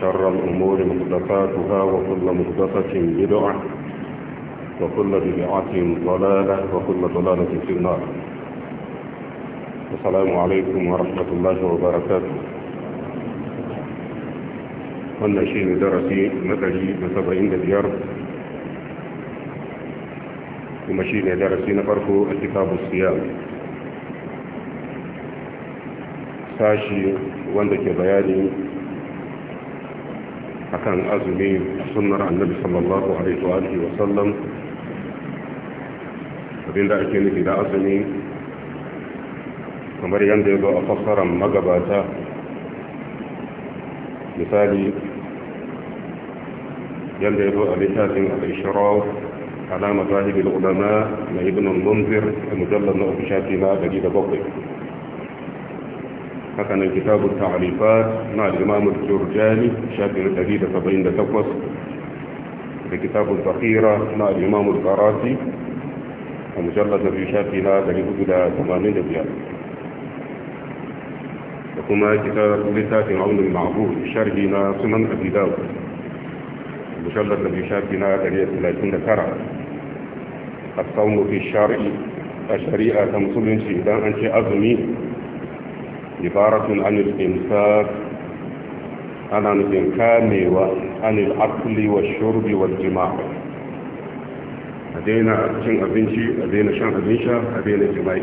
شر الأمور مهدفاتها وكل مهدفة بدعة وكل بدعة ضلالة وكل ضلالة في النار السلام عليكم ورحمة الله وبركاته قلنا شيء درسي مثلي بسبعين مليار ومشينا درسي نفرق الكتاب الصيام ساشي وندك بياني akan azumi a sunnar annabi sallallahu alaihi wa alihi wa sallam abinda ake nufi da azumi kamar yadda ya zo a fassara magabata misali yadda ya zo a littafin al-ishraf على مذاهب العلماء ابن المنذر المجلد نقف شاتي ما دقيقة بقي هكذا كتاب التعريفات مع الإمام الجرجاني شاكل الأديدة فضين لتقوص كتاب الضخيرة مع الإمام الغراسي المجلد في شاكل هذا إلى ثمانين ديال وكما كتاب لسات عون المعبور شرهنا سمن أبي داود المجلد في شاكل إلى سنة ترى الصوم في الشرع الشريعة تمصل انشهدان انشه أظمي ibaratun anil imsak ana nufin kamewa anil akli wa shurbi wa jima'a a daina cin abinci a daina shan abinci, a daina jima'i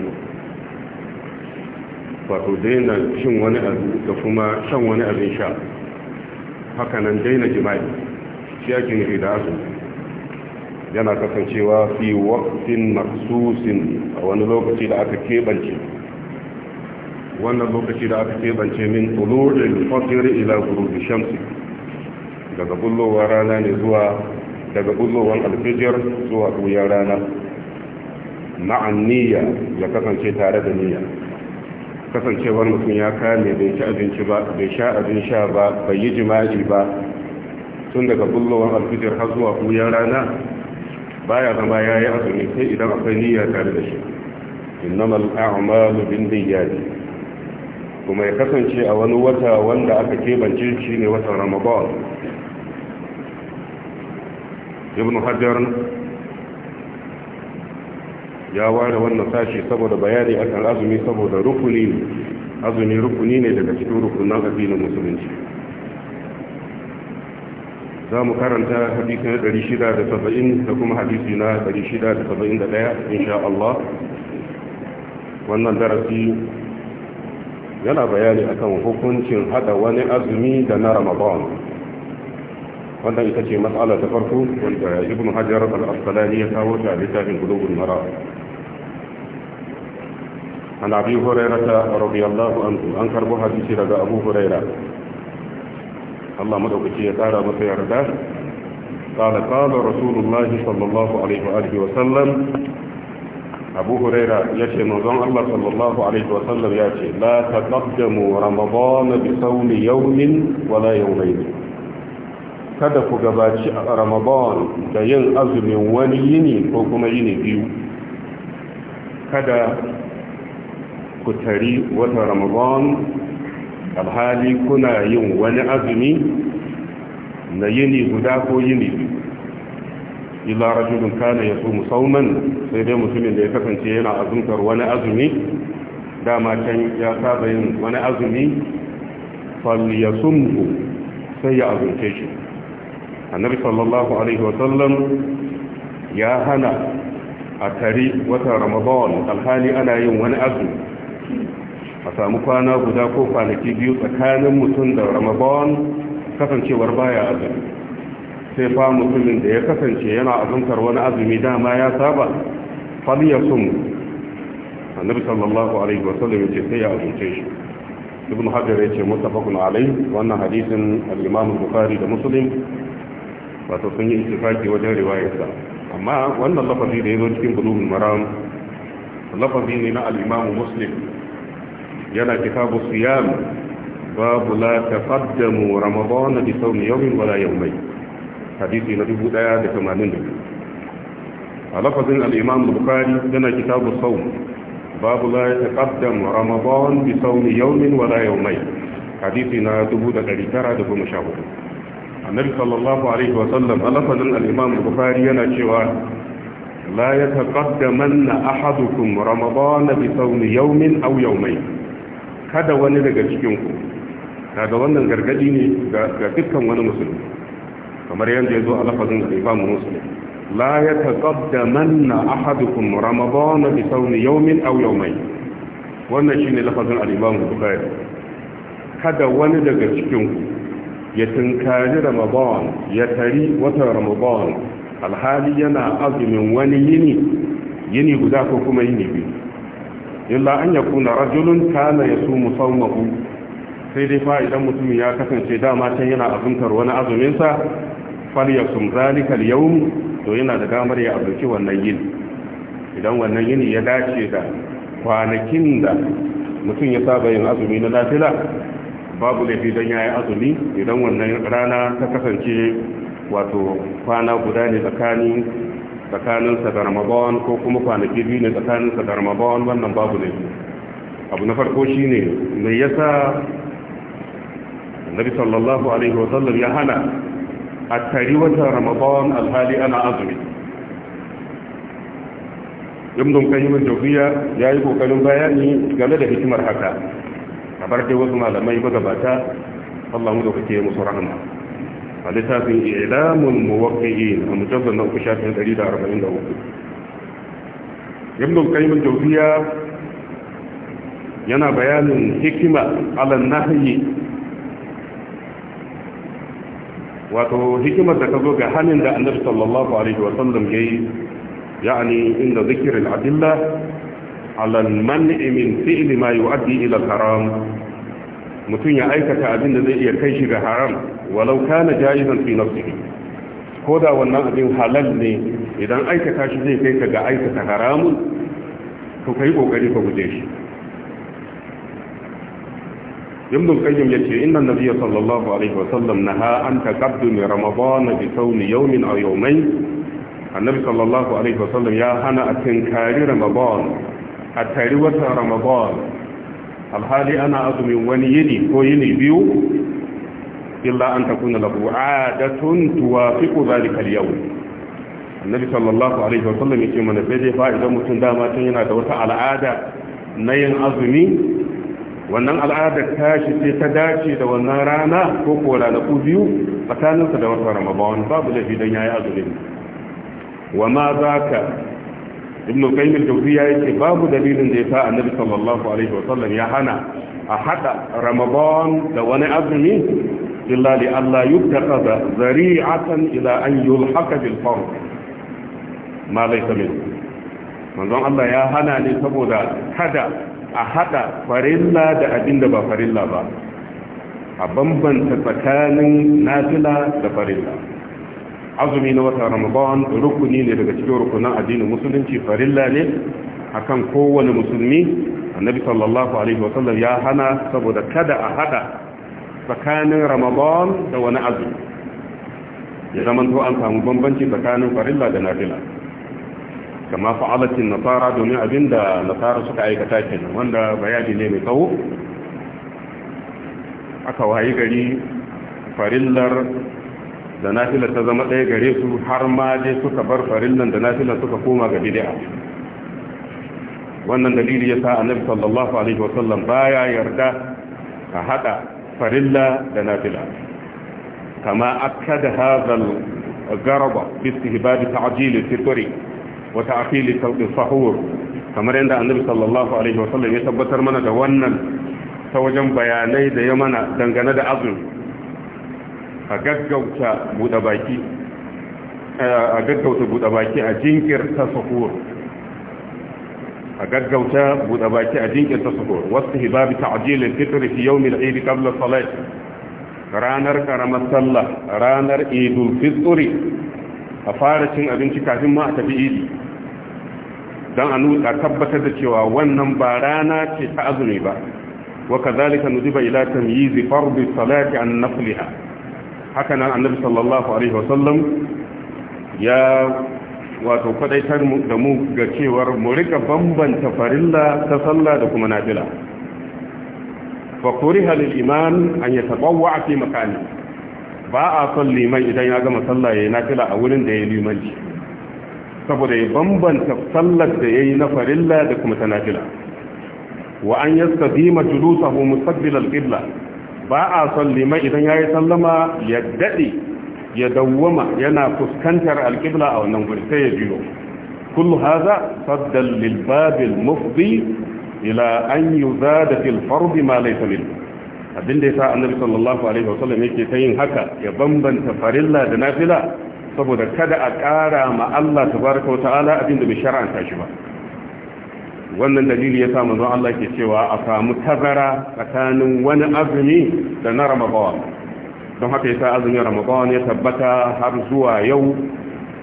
wato daina cin wani abu da kuma shan wani abin sha hakanan daina jima'i shi ake nufi da azumi yana kasancewa fi waqtin maksusin a wani lokaci da aka keɓance wannan lokaci da aka keɓance min tulurin fasiri ila gurubi shamsi daga bullowar rana ne zuwa daga bullowar alfijir zuwa ɗuyar rana ma'an niyya ya kasance tare da niyya kasancewar mutum ya kame bai ci abinci ba bai sha abin sha ba bai yi jima'i ba tun daga bullowar alfijir har zuwa ɗuyar rana baya zama ya yi azumi sai idan akwai niyya tare da shi innamal a'malu bin niyyati kuma ya kasance a wani wata wanda aka kebance shi ne watan ramadan ibn hajjar ya ware wannan sashi saboda bayani akan azumi saboda rukuni azumi rukuni ne daga cikin rukunan addinin musulunci za mu karanta hadisi na 670 da kuma hadisi na 671 insha Allah wannan darasi yana bayani akan hukuncin hada wani azumi da na ramadan wannan ita ce matsala ta farko wanda ibn hajar al-asqalani ya kawo ta a littafin gudubun mara عن أبي هريرة رضي الله عنه أنكر بها في رجاء أبو هريرة الله ya tsara masa yarda. قال قال رسول الله صلى الله عليه وآله وسلم abu huraira ya ce manzon Allah sallallahu alaihi wa sallam ya ce la taqaddamu ramadana bi sawmi yawmin wala yawmayn kada ku gabaci ramadan da yin azumin wani yini ko kuma yini biyu kada ku tari wata ramadan alhali kuna yin wani azumi na yini guda ko yini biyu illa rajulun kana ya sumu sauman sai dai mutumin da ya kasance yana azumtar wani azumi dama can ya saba yin wani azumi fal ya sumhu sai ya azumce shi annabi sallallahu alaihi wa sallam ya hana a tari watan ramadan alhali ana yin wani azumi a samu kwana guda ko kwanaki biyu tsakanin mutum da ramadan kasancewar baya azumi sai fa mutumin da ya kasance yana azumtar wani azumi dama ya saba falyasum annabi sallallahu alaihi wasallam yace sai ya azumce shi ibn hajar yace muttafaqun alaihi wannan hadisin al-imam bukhari da muslim wato sun yi ittifaki wajen riwayarsa amma wannan lafazi da yazo cikin bulugul maram lafazi ne na al-imam muslim yana kitabu siyam babu la taqaddamu ramadan bi sawmi yawmin wala yawmayn hadisi na dubu da da tamanin biyu. a lafazin al'imam bukari yana kitabu sau babu la ya taƙaddam ramadan bi sauni yaumin wala yaumai hadisi na dubu da ɗari tara da sha hudu. annabi sallallahu alaihi wa sallam a lafazin al'imam bukari yana cewa la ya taƙaddamanna ahadukum ramadan bi sauni yaumin au yaumai kada wani daga cikinku daga wannan gargadi ne ga dukkan wani musulmi kamar yadda ya zo a lafazin al-imam muslim la yataqaddamanna ahadukum ramadan da sawmi yawmin aw mai. wannan shine lafazin al-imam kada wani daga cikin ku ya tunkari ramadan ya tari watan ramadan alhali yana azumin wani yini yini guda ko kuma yini biyu illa an yakuna rajulun kana yasumu sawmahu sai dai fa idan mutumin ya kasance dama can yana azumtar wani azuminsa falyasum zalika al yau, to yana da damar ya abuki wannan yini idan wannan yini ya dace da kwanakin da mutum ya saba yin azumi na lafila babu laifi don ya yi azumi idan wannan rana ta kasance wato kwana guda ne tsakanin tsakaninsa da ramadan ko kuma kwanaki biyu ne tsakaninsa da ramadan wannan babu laifi abu na farko shine mai yasa annabi sallallahu alaihi wasallam ya hana a tari wata ramadan alhali ana azumi ibn qayyim ya yi kokarin bayani game da hikimar haka kamar dai wasu malamai magabata Allah mu dauke musu rahama a littafin ilamun muwaqqi'in a mujazzal na uku shafin 143 ibn qayyim jawziya yana bayanin hikima ala nahyi wato hikimar da ka zo ga hannun da annabi sallallahu alaihi wa sallam yayi yani inda zikirin adilla ala man'i min fi'li ma yu'addi ila haram mutum ya aikata abin da zai iya kai shi ga haram walau kana jaizan fi nafsihi ko da wannan abin halal ne idan aikata shi zai kai ka ga aikata haramun to kai kokari ka guje shi ابن القيم يتي إن النبي صلى الله عليه وسلم نهى أن تقدم رمضان بكون يوم أو يومين النبي صلى الله عليه وسلم يا هنا أتنكار رمضان أتروة رمضان الحال أنا أظم ونيني كويني بيو إلا أن تكون له عادة توافق ذلك اليوم النبي صلى الله عليه وسلم يتي من البيت فائدة متندامة ينادوة على عادة نين أظمي wannan al'adar tashi ce ta dace da wannan rana ko ko ranaku biyu a tsakaninsa da wata ramadan babu da ya yi azumi wa ma za ka? ibn qayyim al-jawziyya yake babu dalilin da ya yasa annabi sallallahu alaihi wa sallam ya hana a hada ramadan da wani azumi illa li alla yubtaqada zari'atan ila an yulhaqa bil fard ma laysa min manzon Allah ya hana ne saboda kada a hada farilla da abin da ba farilla ba a bambanta tsakanin nafila da farilla azumi na wata ramadan rukuni ne daga cikin rukunan addinin musulunci farilla ne akan kowane musulmi annabi sallallahu alaihi wasallam ya hana saboda kada a hada tsakanin ramadan da wani azumi ya zama to an samu bambanci tsakanin farilla da nafila kama fa'alatin nasara domin abinda nasara suka aikata kenan wanda bayani ne mai tsawo aka wayi gari farillar da nafilar ta zama ɗaya gare su har ma dai suka bar farillan da nafilar suka koma ga bid'a wannan dalili ya sa annabi sallallahu alaihi wasallam baya yarda a hada farilla da nafila kama akkada hadha al-garaba bi istihbab ta'jil al Wata wa ta'khili sahur kamar yadda annabi sallallahu alaihi wasallam ya tabbatar mana da wannan ta wajen bayanai da ya mana dangane da azumi a gaggauta buɗe baki eh, a gaggauta buɗe baki a jinkirta sahur a gaggauta buɗe baki a jinkirta sahur wasu hibabi ta'jilin fitr fi yawmil eid qabla salat ranar karamar sallah ranar idul fitri a fara cin abinci kafin ma a tafi idi don a tabbatar da cewa wannan ba rana ce ta azumi ba wa kazalika nudiba ila tamyizi fardu salati an nafliha haka nan annabi sallallahu alaihi wasallam ya wato kwadaitar da mu ga cewar mu rika bambanta farilla ta sallah da kuma nafila fa kuriha lil iman an yatabawwa fi makani ba a son liman idan ya gama sallah ya yi nafila a wurin da ya limanci saboda ya bambanta sallar da ya yi na farilla da kuma ta nafila wa an yastazima julusahu mustaqbil al-qibla ba a son liman idan ya yi sallama ya dade ya dawwama yana fuskantar al-qibla a wannan gurin sai ya biyo kullu haza saddan lil bab mufdi ila an yuzada fil fardi ma laysa minhu abinda ya sa annabi sallallahu alaihi wasallam yake ta yin haka ya bambanta farilla da nafila saboda kada a ƙara ma Allah tabaraka wata'ala abinda bai shar'anta shi ba wannan dalili ya sa manzon Allah ke cewa a samu tazara tsakanin wani azumi da na Ramadan don haka yasa azumin Ramadan ya tabbata har zuwa yau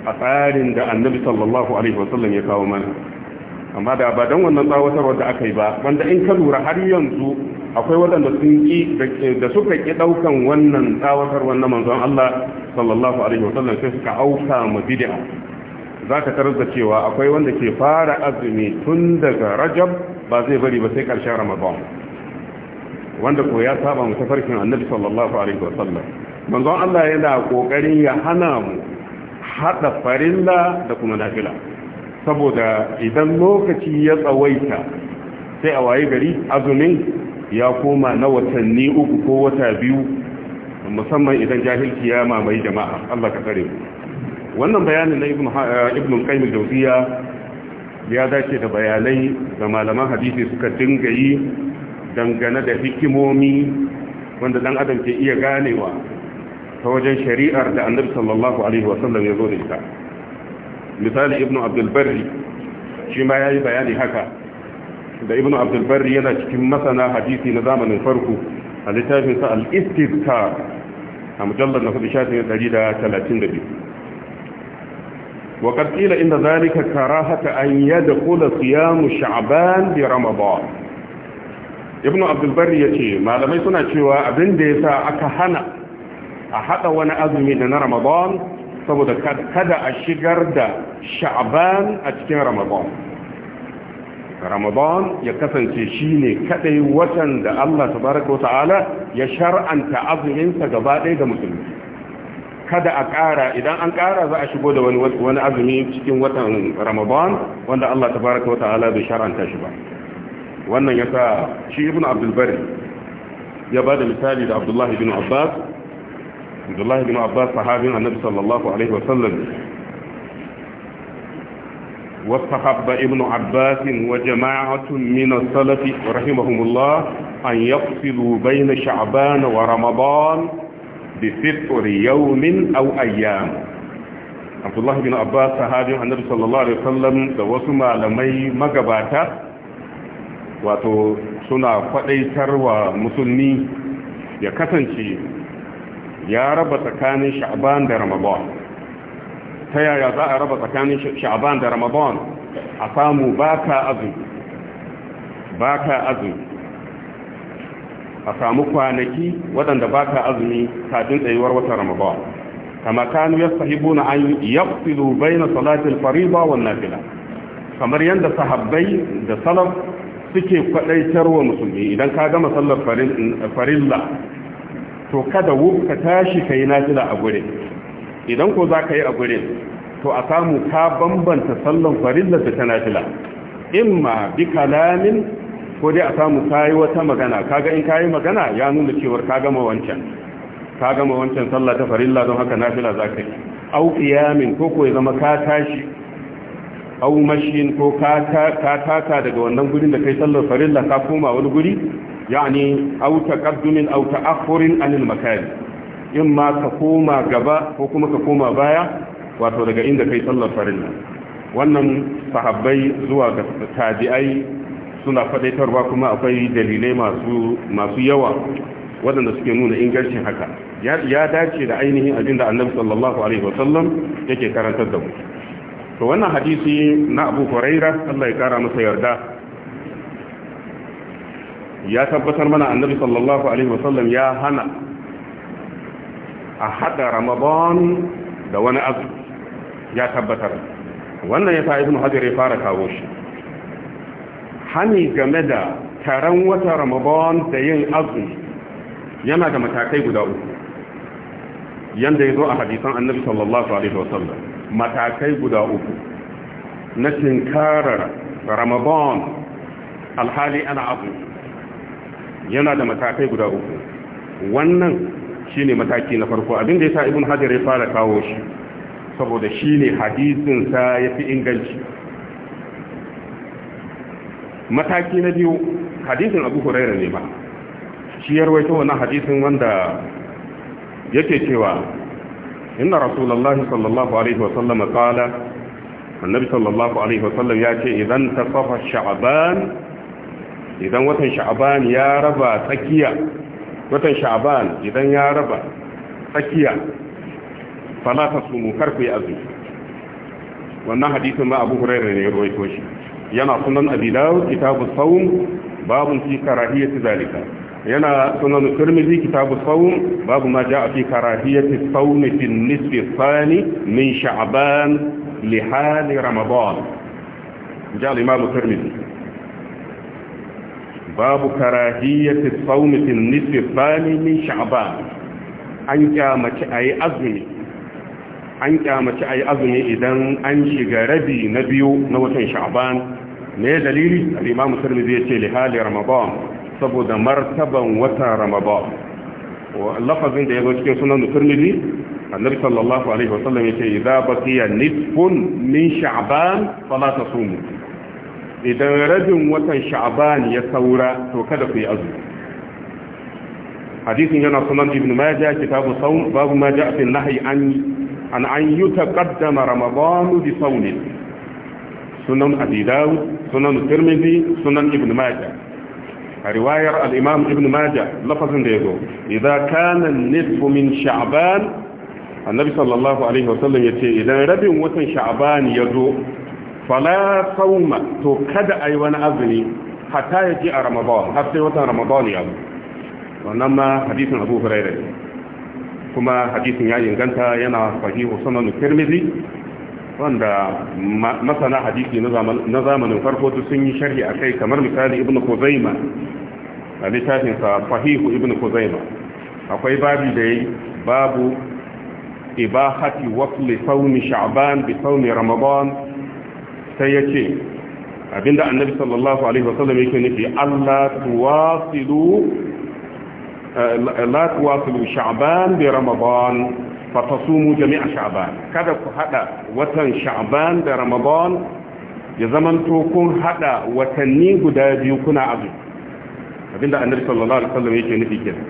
a tsarin da Annabi sallallahu alaihi sallam ya kawo mana amma da ba don wannan tsawatarwa da aka yi ba wanda in ka lura har yanzu akwai waɗanda sun ki da suka ki ɗaukan wannan tsawatarwa na manzon Allah sallallahu alaihi wa sallam, sai suka auka ma bid'a za ka tarar da cewa akwai wanda ke fara azumi tun daga rajab ba zai bari ba sai ƙarshen ramadan wanda ko ya saba mu tafarkin annabi sallallahu alaihi wa sallam manzon Allah yana kokarin ya hana mu hada farilla da kuma nafila saboda idan lokaci ya tsawaita sai a waye gari azumin ya koma na watanni uku ko wata biyu musamman idan jahilci ya mamaye jama'a Allah ka tsare wannan bayanin na ibn eh, qayyim al-jawziya ya dace da bayanai da malaman hadisi suka dinga yi dangane da hikimomi wanda dan adam ke iya ganewa ta wajen shari'ar da annabi sallallahu alaihi wasallam ya zo da ita misali ibn abdulbari shi ma ya yi bayani haka da ibn abdulbari yana cikin masana hadisi na zamanin farko a littafinsa al'istiskar a mujallar na kudi shafi 132 wakasila inda zarika kara haka an yada kula siyamu sha'aban bi ramadan ibn abdulbari ya ce malamai suna cewa abin da ya sa aka hana a haɗa wani azumi na ramadan saboda kada a shigar da sha'ban a cikin ramadan ramadan ya kasance shine kadai watan da Allah tabaraka wa ta'ala ya shar'anta azuminsa gaba ɗaya da musulmi kada a ƙara idan an ƙara za a shigo da wani wani azumi cikin watan ramadan wanda Allah tabaraka wa ta'ala bai shar'anta shi ba wannan yasa shi ibnu abdul bari ya bada misali da abdullahi ibnu abbas abdullahi bin abbas sahabin annabi sallallahu alaihi wasallam واستحب ابن عباس وجماعة من السلف رحمهم الله أن يفصلوا بين wa ورمضان بفطر يوم أو أيام عبد Abdullahi بن Abbas sahabin النبي sallallahu alaihi wa sallam da wasu malamai magabata wato suna faɗaitarwa musulmi ya kasance ya raba tsakanin sha'ban da ramadan ta yaya za a raba tsakanin sha'ban da ramadan a samu baka azumi baka azumi a samu kwanaki waɗanda baka azumi kafin tsayuwar watan ramadan kama kanu yastahibuna an yafsilu baina salati al-fariida wan fila kamar yadda sahabbai da salaf suke kwadaitarwa musulmi idan ka gama sallar farilla to kada wuka ka tashi ka yi nafila a gure idan ko za ka yi a gure to a samu ka bambanta sallan farilla da ta nafila imma bi kalamin ko dai a samu ka yi wata magana kaga in ka yi magana ya nuna cewar ka gama wancan ka gama wancan sallah ta farilla don haka nafila za ka yi au qiyamin ko ko ya zama ka tashi au mashin ko ka taka daga wannan gurin da kai sallar farilla ka koma wani guri yani au taqaddumin au ta'akhurin anil makan in ma ka koma gaba ko kuma ka koma baya wato daga inda kai sallar farilla wannan sahabbai zuwa ga tabi'ai suna faɗaitarwa kuma akwai dalilai masu masu yawa waɗanda suke nuna ingancin haka ya dace da ainihin abinda annabi sallallahu alaihi wasallam yake karantar da mu to wannan hadisi na Abu Hurairah Allah ya kara masa yarda ya tabbatar mana annabi sallallahu alaihi wasallam ya hana a hada ramadan da wani azu ya tabbatar wannan ya sa ibn hajar ya fara kawo shi hani game da taron wata ramadan da yin azumi yana da matakai guda uku yanda ya zo a hadisan annabi sallallahu alaihi wasallam matakai guda uku na tinkarar ramadan alhali ana abu. yana da matakai guda uku wannan shine mataki na farko abin da ya sa ibn hajar ya fara kawo shi saboda shine hadisinsa ya fi inganci mataki na biyu hadisin abu huraira ne ba shi ya rawaito wannan hadisin wanda yake cewa inna rasulullahi sallallahu alaihi wa sallam qala annabi sallallahu alaihi wa sallam ya ce idan tasafa sha'ban idan watan sha'ban ya raba tsakiya watan sha'ban idan ya raba tsakiya fala ta sumu karku yi azumi wannan hadisin ma abu hurairah ne ruwaito shi yana sunan abi dawud kitabu sawm babun fi karahiyati zalika yana sunan tirmidhi kitabu sawm babu ma jaa fi karahiyati sawm fi nisfi thani min sha'ban li hal ramadan jaa al-imam tirmidhi babu karahiyyati sawmi fil nisfi thani min sha'ban an kyamaci ayi azumi an kyamaci ayi azumi idan an shiga rabi na biyu na watan sha'ban ne dalili al-imam tirmidhi yace li hali ramadan saboda martaban watan ramadan lafazin da ya zo cikin sunan tirmidhi annabi sallallahu alaihi wasallam yace idza baqiya nisfun min sha'ban fala tasumu idan rajin watan sha'ban ya saura to kada ku yi azu hadisin yana sunan ibn majah kitabu sawm babu majah ja'a fi nahyi an an an yutaqaddama ramadan bi sawm sunan abi dawud sunan tirmidhi sunan ibn majah riwayar رواية الإمام ابن ماجه لفظ ديزو إذا كان النصف من شعبان النبي صلى الله عليه وسلم يتي إذا ربي وطن شعبان يزو fala sauma to kada a yi wani azumi hata ya ji a ramadan har sai watan ramadan ya zo wannan ma hadisin abu hurairah kuma hadisin ya inganta yana sahihu sunan tirmidhi wanda masana hadisi na zamanin farko sun yi sharhi a kai kamar misali ibn kuzaima a sa fahihu ibn kuzaima akwai babi da yi babu ibahati wasli saumi sha'ban bi ramadan sai ya ce abinda annabi sallallahu alaihi wasallam yake nufi Allah tuwasilu eh, la tuwasilu sha'ban bi ramadan fa tasumu jami'a sha'ban kada ku hada watan sha'ban da ramadan ya zamanto kun hada watanni guda biyu kuna azu abinda annabi sallallahu alaihi wasallam yake nufi kenan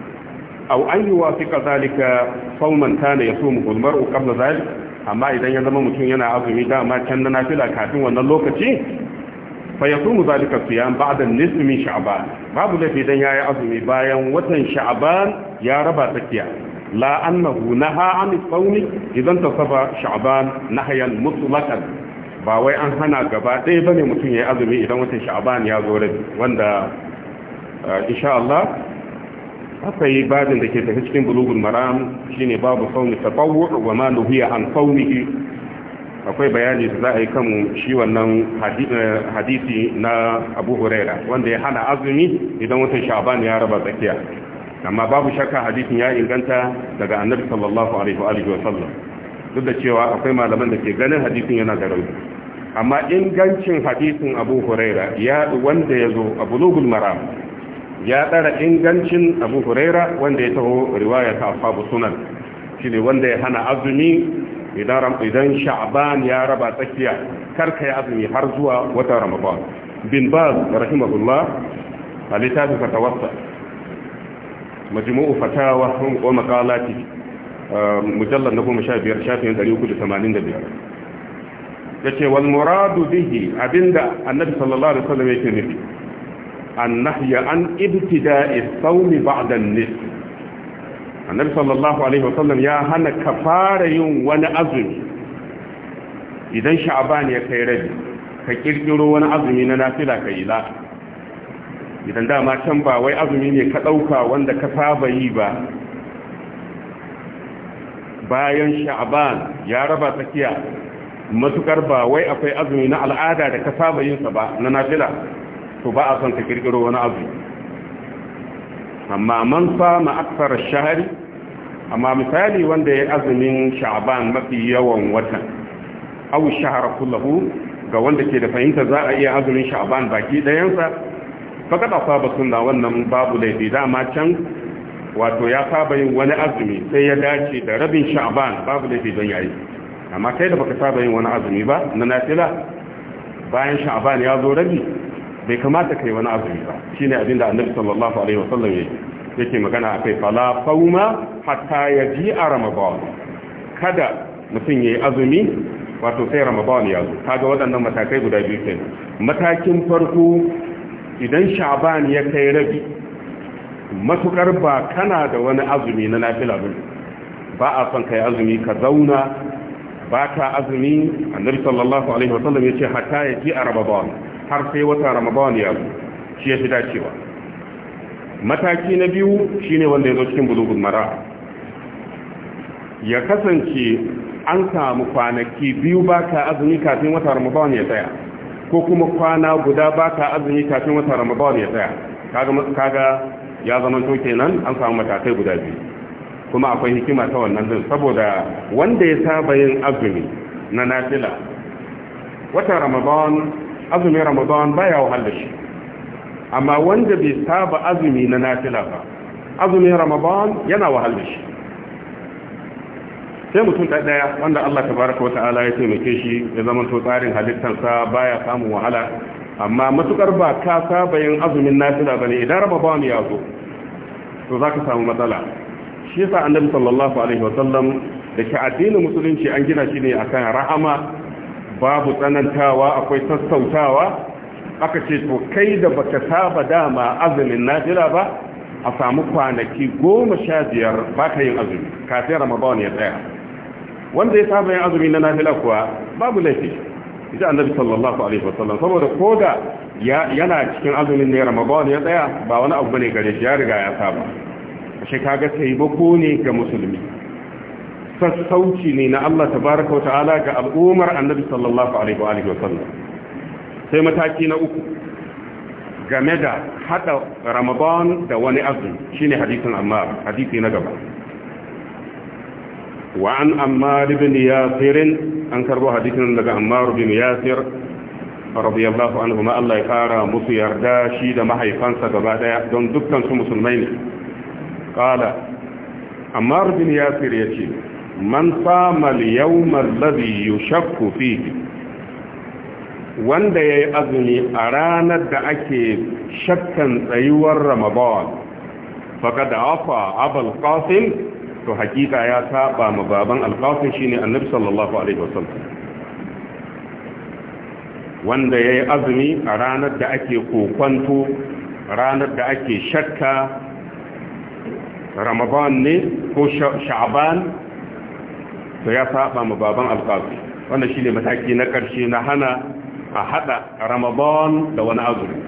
aw an yuwafiqa zalika sawman kana yasumu al mar'u qabla zalika amma idan ya zama mutum yana azumi dama can na nafila kafin wannan lokaci fa ya sumu zalika siyam ba'da nisfi min sha'ban babu da idan yayi azumi bayan watan sha'ban ya raba tsakiya la annahu naha an sawmi idan tasafa sha'ban nahyan mutlaqan ba wai an hana gaba ɗaya bane mutum yayi azumi idan watan sha'ban ya zo rabi wanda eh, insha Allah haka yi babin da ke tafi cikin bulugul maram shine babu sauni tsawo wa ma nuhiya an saunihi akwai bayani da za a yi kan shi wannan eh, hadisi na Abu Huraira wanda ya hana azumi idan watan Sha'ban ya raba tsakiya amma babu shakka hadisin ya inganta daga Annabi sallallahu alaihi wa alihi wa sallam duk da cewa akwai malaman da ke ganin hadisin yana da rauni amma ingancin hadisin Abu Huraira ya wanda ya zo a bulugul maram ya ɗara ingancin abu huraira wanda ya taho riwaya ta ashabu sunan shine wanda ya hana azumi idan idan sha'ban ya raba tsakiya karka ya azumi har zuwa wata ramadan bin baz rahimahullah a littafin fatawassa majmu'u fatawa wa maqalati um, mujallad na goma sha biyar shafin ɗari uku da tamanin da biyar ya ce wal muradu bihi abinda annabi sallallahu alaihi wasallam yake nufi annahya an ibtida'i sawmi ba'da an-nisf annabi sallallahu alaihi wasallam ya hana ka fara yin wani azumi idan sha'ban ya kai rabi ka kirkiro wani azumi na nafila ka yi la idan dama can ba wai azumi ne ka ɗauka wanda ka saba yi ba bayan sha'ban ya raba tsakiya matukar ba wai akwai azumi na al'ada da ka saba yin ba na nafila to ba a son ka kirkiro wani abu amma man sama aksar shahari amma misali wanda ya azumin sha'ban mafi yawan watan aw shahara kullahu ga wanda ke da fahimta za a iya azumin sha'ban baki dayansa fa ba sunna wannan babu laifi dama can wato ya saba yin wani azumi sai ya dace da rabin sha'ban babu laifi don yayi amma kai da baka saba yin wani azumi ba na nafila bayan sha'aban ya zo rabi bai kamata kai wani azumi ba shine abin da annabi sallallahu alaihi wasallam yake magana akai fala fauma hatta yaji ramadan kada mutum yayi azumi wato sai ramadan ya zo kaga waɗannan matakai guda biyu kenan matakin farko idan sha'ban ya kai rabi matukar ba kana da wani azumi na nafila ba ba a son kai azumi ka zauna ba ta azumi annabi sallallahu alaihi wasallam yace hatta yaji a ramadan har sai wata ramadan ya zo shi ya fi dacewa mataki na biyu shine wanda ya zo cikin bulugun mara ya kasance an samu kwanaki biyu ba ka azumi kafin wata ramadan ya tsaya ko kuma kwana guda ba ka azumi kafin wata ramadan ya tsaya kaga ya zama to kenan an samu matakai guda biyu kuma akwai hikima ta wannan din saboda wanda ya saba yin azumi na nafila wata ramadan azumin ramadan wahal da shi amma wanda bai saba azumi na nafila ba azumin ramadan yana da shi sai mutum ɗaya wanda Allah tabaraka wa ta'ala ya taimake shi ya zama to tsarin halittarsa baya samun wahala amma matukar ba ka saba yin azumin nafila ne, idan ramadan ya zo to ka samu matsala shi yasa annabi sallallahu alaihi wa sallam da ke addinin musulunci an gina shi ne akan rahama babu tsanantawa akwai sassautawa aka ce to kai da baka saba dama azumin nafila ba a samu kwanaki goma sha biyar ba ka yin azumi kafin ramadan ya tsaya wanda ya saba yin azumi na nafila kuwa babu laifi ji annabi sallallahu alaihi wasallam saboda koda yana cikin azumin ne ramadan ya tsaya ba wani abu ne gare shi ya riga ya saba shi kaga sai ko ne ga musulmi sassauci ne na Allah tabaraka wa ta'ala ga al'ummar annabi sallallahu alaihi wa alihi wasallam sai mataki na uku game da hada ramadan da wani azumi shine hadisin ammar hadithi na gaba wa an ammar ibn yasir an karbo hadisin daga ammar ibn yasir radiyallahu anhu ma Allah ya kara musu yarda shi da mahaifansa gaba daya don dukkan su musulmai ne qala ammar ibn yasir yace man sama yawmal ladhi yushakku fihi wanda yayi azumi a ranar da ake shakkan tsayuwar ramadan faqad afa abal kafin to hakika ya saba ma baban alkafin shine annabi sallallahu alaihi wasallam wanda yayi azumi a ranar da ake kokwanto ranar da ake shakka ramadan ne ko sha'aban. to ya saba ma baban alqazi wannan shine mataki na karshe na hana a hada ramadan da wani azumi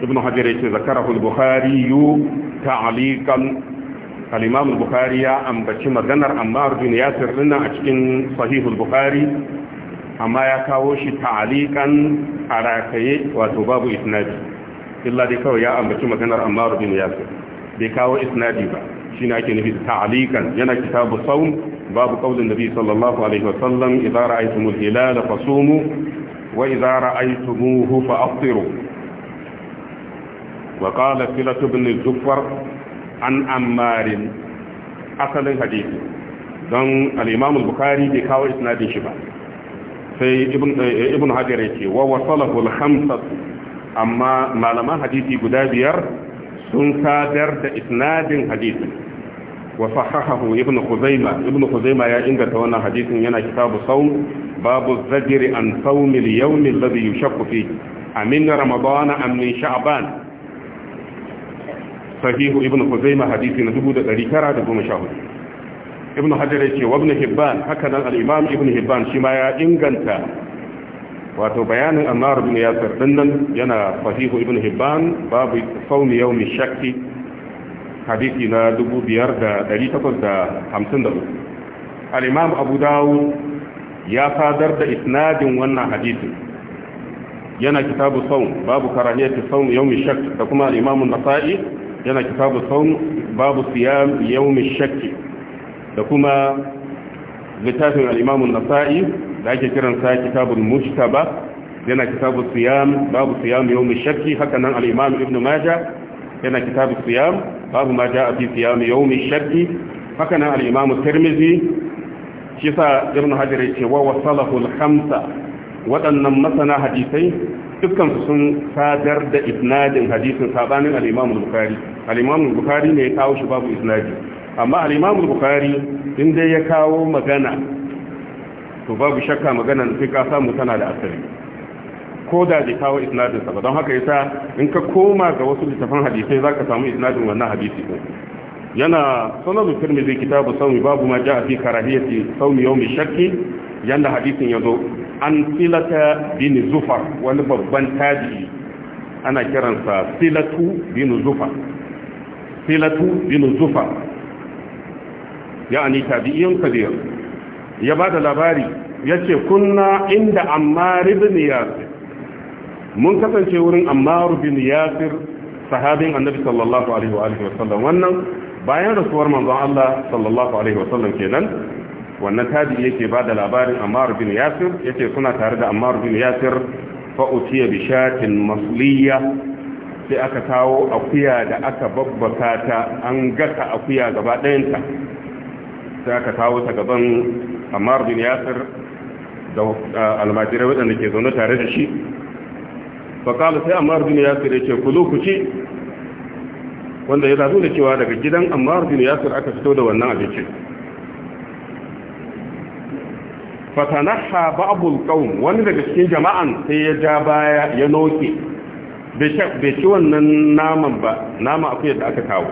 ibn hajar yace zakarahu al-bukhari yu ta'liqan al-imam al-bukhari ya ambaci maganar ammar bin yasir dinnan a cikin sahih al-bukhari amma ya kawo shi ta'liqan a wato babu isnadi illa dai kawai ya ambaci maganar ammar bin yasir bai kawo isnadi ba shi ne ake nufi da ta'alikan yana kitabu saum babu qaulin nabi sallallahu alaihi wasallam idza ra'aytumul hilala fasumu wa idza ra'aytumuhu fa'tiru wa qala filat ibn zuffar an ammar asalin hadisi don al-imam al-bukhari bai kawo isnadin shi ba sai ibn eh, hajar yake wa wasalahu al-khamsatu amma malaman hadisi guda biyar sun sadar da isnadin hadisin wa sahahahu ibnu khuzaima ibnu khuzaima ya inganta wannan hadisin yana kitabu saum babu zajri an sawm al-yawm alladhi yushaqqu fi amin ramadan am min sha'ban sahihu ibnu khuzaima hadisi na 1914 ibn hajar ya ce wabin hibban haka nan al'imam ibn hibban shi ma ya inganta wato bayanin ammar bin yasir dinnan yana sahihu ibn hibban babu saumi yaumi shakki hadisi na 5853 al-imam abu dawud ya sadar da isnadin wannan hadisin yana kitabu saum babu karahiyati saum yaumi shakki da kuma al-imam an-nasa'i yana kitabu saum babu siyam yaumi shakki da kuma littafin al-imam an-nasa'i da ake kiransa kitabul ba. yana kitabu siyam babu siyam mai shakki haka nan al ibn majah yana kitabu siyam babu ma a fi siyam yawm shakki haka nan al-imam tirmidhi shi sa ibn hajar cewa ce wa wasalahu waɗannan masana hadisai dukkan sun sadar da isnadin hadisin sabanin al-imam al-bukhari al bukhari ne ya kawo shi babu isnadi amma al-imam al-bukhari inda ya kawo magana to babu shakka maganar sai ka samu tana da asali ko da bai kawo isnadin sa ba don haka yasa in ka koma ga wasu littafan hadisai zaka samu isnadin wannan hadisi ko. yana sanadu tirmidhi kitabu sawmi babu ma jaa fi karahiyati sawmi yawmi shakki yanda hadisin yazo an silata bin zufar wani babban tabi ana kiransa silatu bin zufar silatu bin zufar yani tabi'in kadir ya ba da labari ya ce kunna inda ammar bin yasir mun kasance wurin ammar bin yasir sahabin annabi sallallahu alaihi wa sallam wannan bayan rasuwar manzon Allah sallallahu alaihi wa sallam kenan wannan tabi yake ba da labarin ammar bin yasir yace suna tare da ammar bin yasir fa utiya bi shatin masliya sai aka kawo akuya da aka babbaka ta an gata akuya gaba ɗayanta sai aka kawo ta gaban ammar bin yasir da ah, almajirai waɗanda ke zaune tare da shi faƙalu sai ammar bin yasir ya ce kulu ku ci wanda ya zazu da cewa daga gidan ammar bin yasir aka fito da wannan abinci fatanaha ba'abul qaum wani daga cikin jama'an sai ya ja baya ya noke bai ci wannan naman ba nama akwai da aka kawo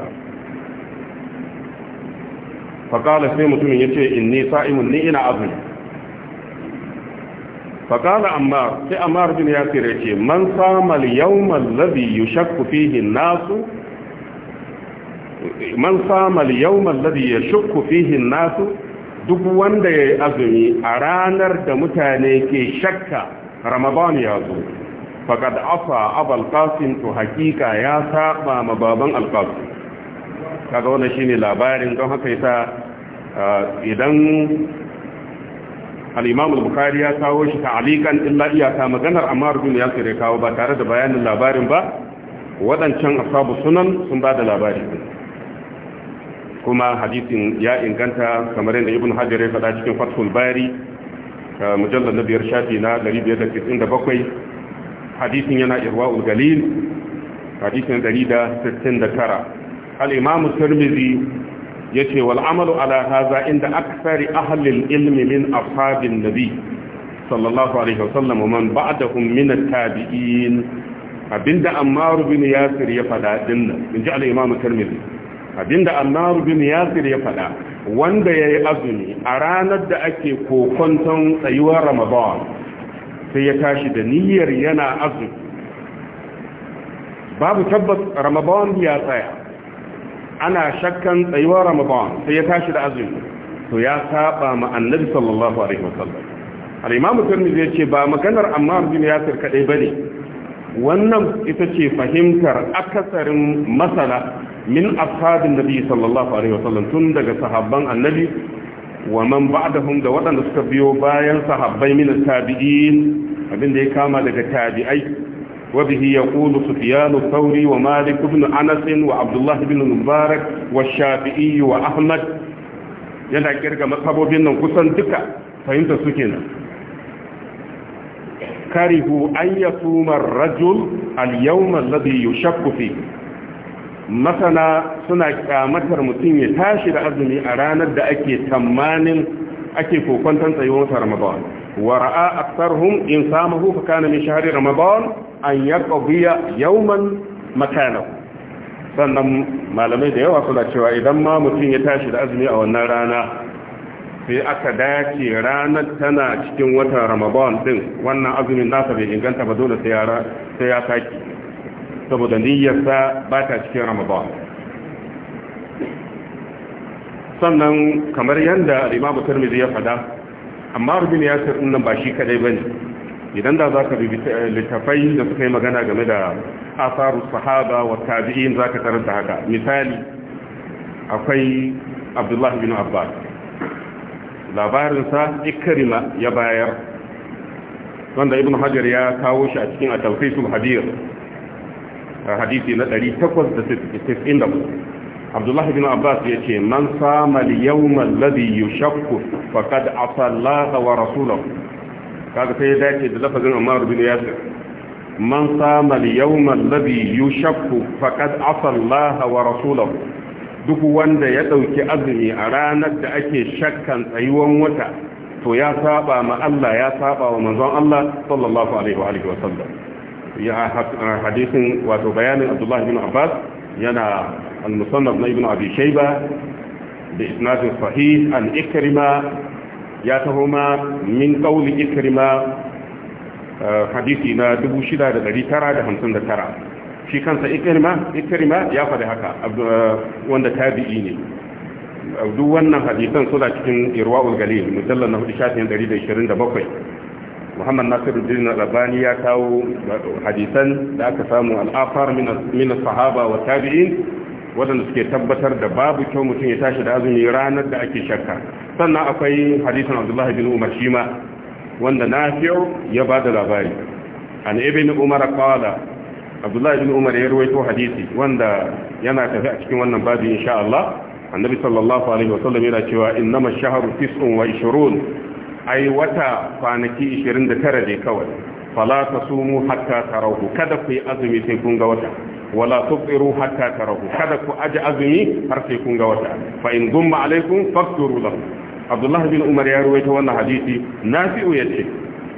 faƙala sai mutumin ya ce in ni sa'imun ni ina azumi faƙala amma sai ammar bin yasir ya ce man samal yawmal ladhi yushakku fihi an-nasu man samal yawmal ladhi yashukku fihi nasu duk wanda ya yi azumi a ranar da mutane ke shakka ramadan ya zo faqad afa abul qasim to hakika ya saɓa ma baban al kaga wannan shine labarin don haka yasa idan al-Imam al-Bukhari ya kawo shi alikan illa ta maganar amma bin ya tsere kawo ba tare da bayanin labarin ba wadancan asabu sunan sun ba da labari kuma hadisin ya inganta kamar yadda Ibn Hajar ya faɗa cikin Fathul Bari mujallal na biyar shafi na 597 hadisin yana irwa ul-galil hadisin 169 al-imam tirmidhi yace wal amalu ala hadha inda aktsari ahli al-ilm min ashabin nabi sallallahu alaihi wasallam wa man ba'dahum min at-tabi'in abinda ammar bin yasir ya fada dinnan inji al-imam tirmidhi abinda ammar bin yasir ya fada wanda yayi azumi a ranar da ake kokonton tsayuwar ramadan sai ya tashi da niyyar yana azumi babu tabbas ramadan ya tsaya ana shakkan tsayuwar ramadan sai ya tashi da azumi to ya saba ma annabi sallallahu alaihi wasallam al-imam tirmidhi ya ce ba maganar ammar bin yasir kadai bane wannan ita ce fahimtar akasarin masana min ashabin nabi sallallahu alaihi wasallam tun daga sahabban annabi wa man ba'dahum da waɗanda suka biyo bayan sahabbai min tabi'in da ya kama daga tabi'ai وبه يقول سفيان الثوري ومالك بن أنس وعبد الله بن المبارك والشافعي وأحمد yana kirga masabobin nan kusan duka fahimta suke nan. karihu an yasuma rajul al-yawm alladhi yushakku fi masana suna kyamatar mutum ya tashi da azumi a ranar da ake tamanin ake kokon tantsayewar ramadan ورأى أكثرهم hum in فكان من شهر رمضان أن يقضي يوما مكانه sannan malamai da yawa suna cewa idan ma mutum ya tashi da azumi a wannan rana sai aka dace ranar tana cikin watan ramadan din wannan azumin nasa bai inganta ba dole sai ya saki saboda niyyarsa ba ta cikin ramadan sannan kamar yadda imamu turmizi ya fada amma rubin ya din nan ba shi ba ne idan da ka dubi eh, littafai da suka yi magana game da asaru sahaba wa tabi'in zaka karanta haka misali akwai abdullahi bin Abba labarinsa ikrima ya bayar wanda ibn hajar ya kawo shi a cikin atawfisul hadir hadisi na abdullahi bin abbas ya ce man sama yawmal ladhi yushakku faqad asa Allah wa rasulahu kaga sai ya dace da lafazin Umar bin Yasir man sama yawmal ladhi yushakku faqad asa Allah wa rasulahu duk wanda ya dauki azumi a ranar da ake shakkan tsayuwan wata to ya saba ma Allah ya saba wa manzon Allah sallallahu alaihi wa alihi wa sallam ya hadisin wato bayanin Abdullah bin Abbas yana al-musannaf na ibn abi shayba da isnadin sahih an ikrima ya taho ma min qawli ikrima hadisi na 6959 shi kansa ikrima ikrima ya faɗi haka wanda tabi'i ne duk wannan hadisan suna cikin irwa'ul galil mujallal na 427 muhammad nasiruddin al-albani ya kawo hadisan da aka samu al'afar afar min as-sahaba wa tabi'in waɗanda suke tabbatar da babu kyau mutum ya tashi da azumi ranar da ake shakka sannan akwai hadisin abdullah bin umar shi ma wanda nafi'u ya ba da labari an ibn umar qala abdullah bin umar ya rawaito hadisi wanda yana tafi a cikin wannan babu insha Allah annabi sallallahu alaihi wasallam yana cewa innama shahru tis'un wa 20 ai wata kwanaki 29 ne kawai fala tasumu hatta tarahu kada ku yi azumi sai kun ga wata wala tufiru hatta tarahu kada ku aji azumi har sai kun ga wata fa in gumma alaikum fakturu lahu abdullahi bin umar ya ruwaita wannan hadisi nafi'u yace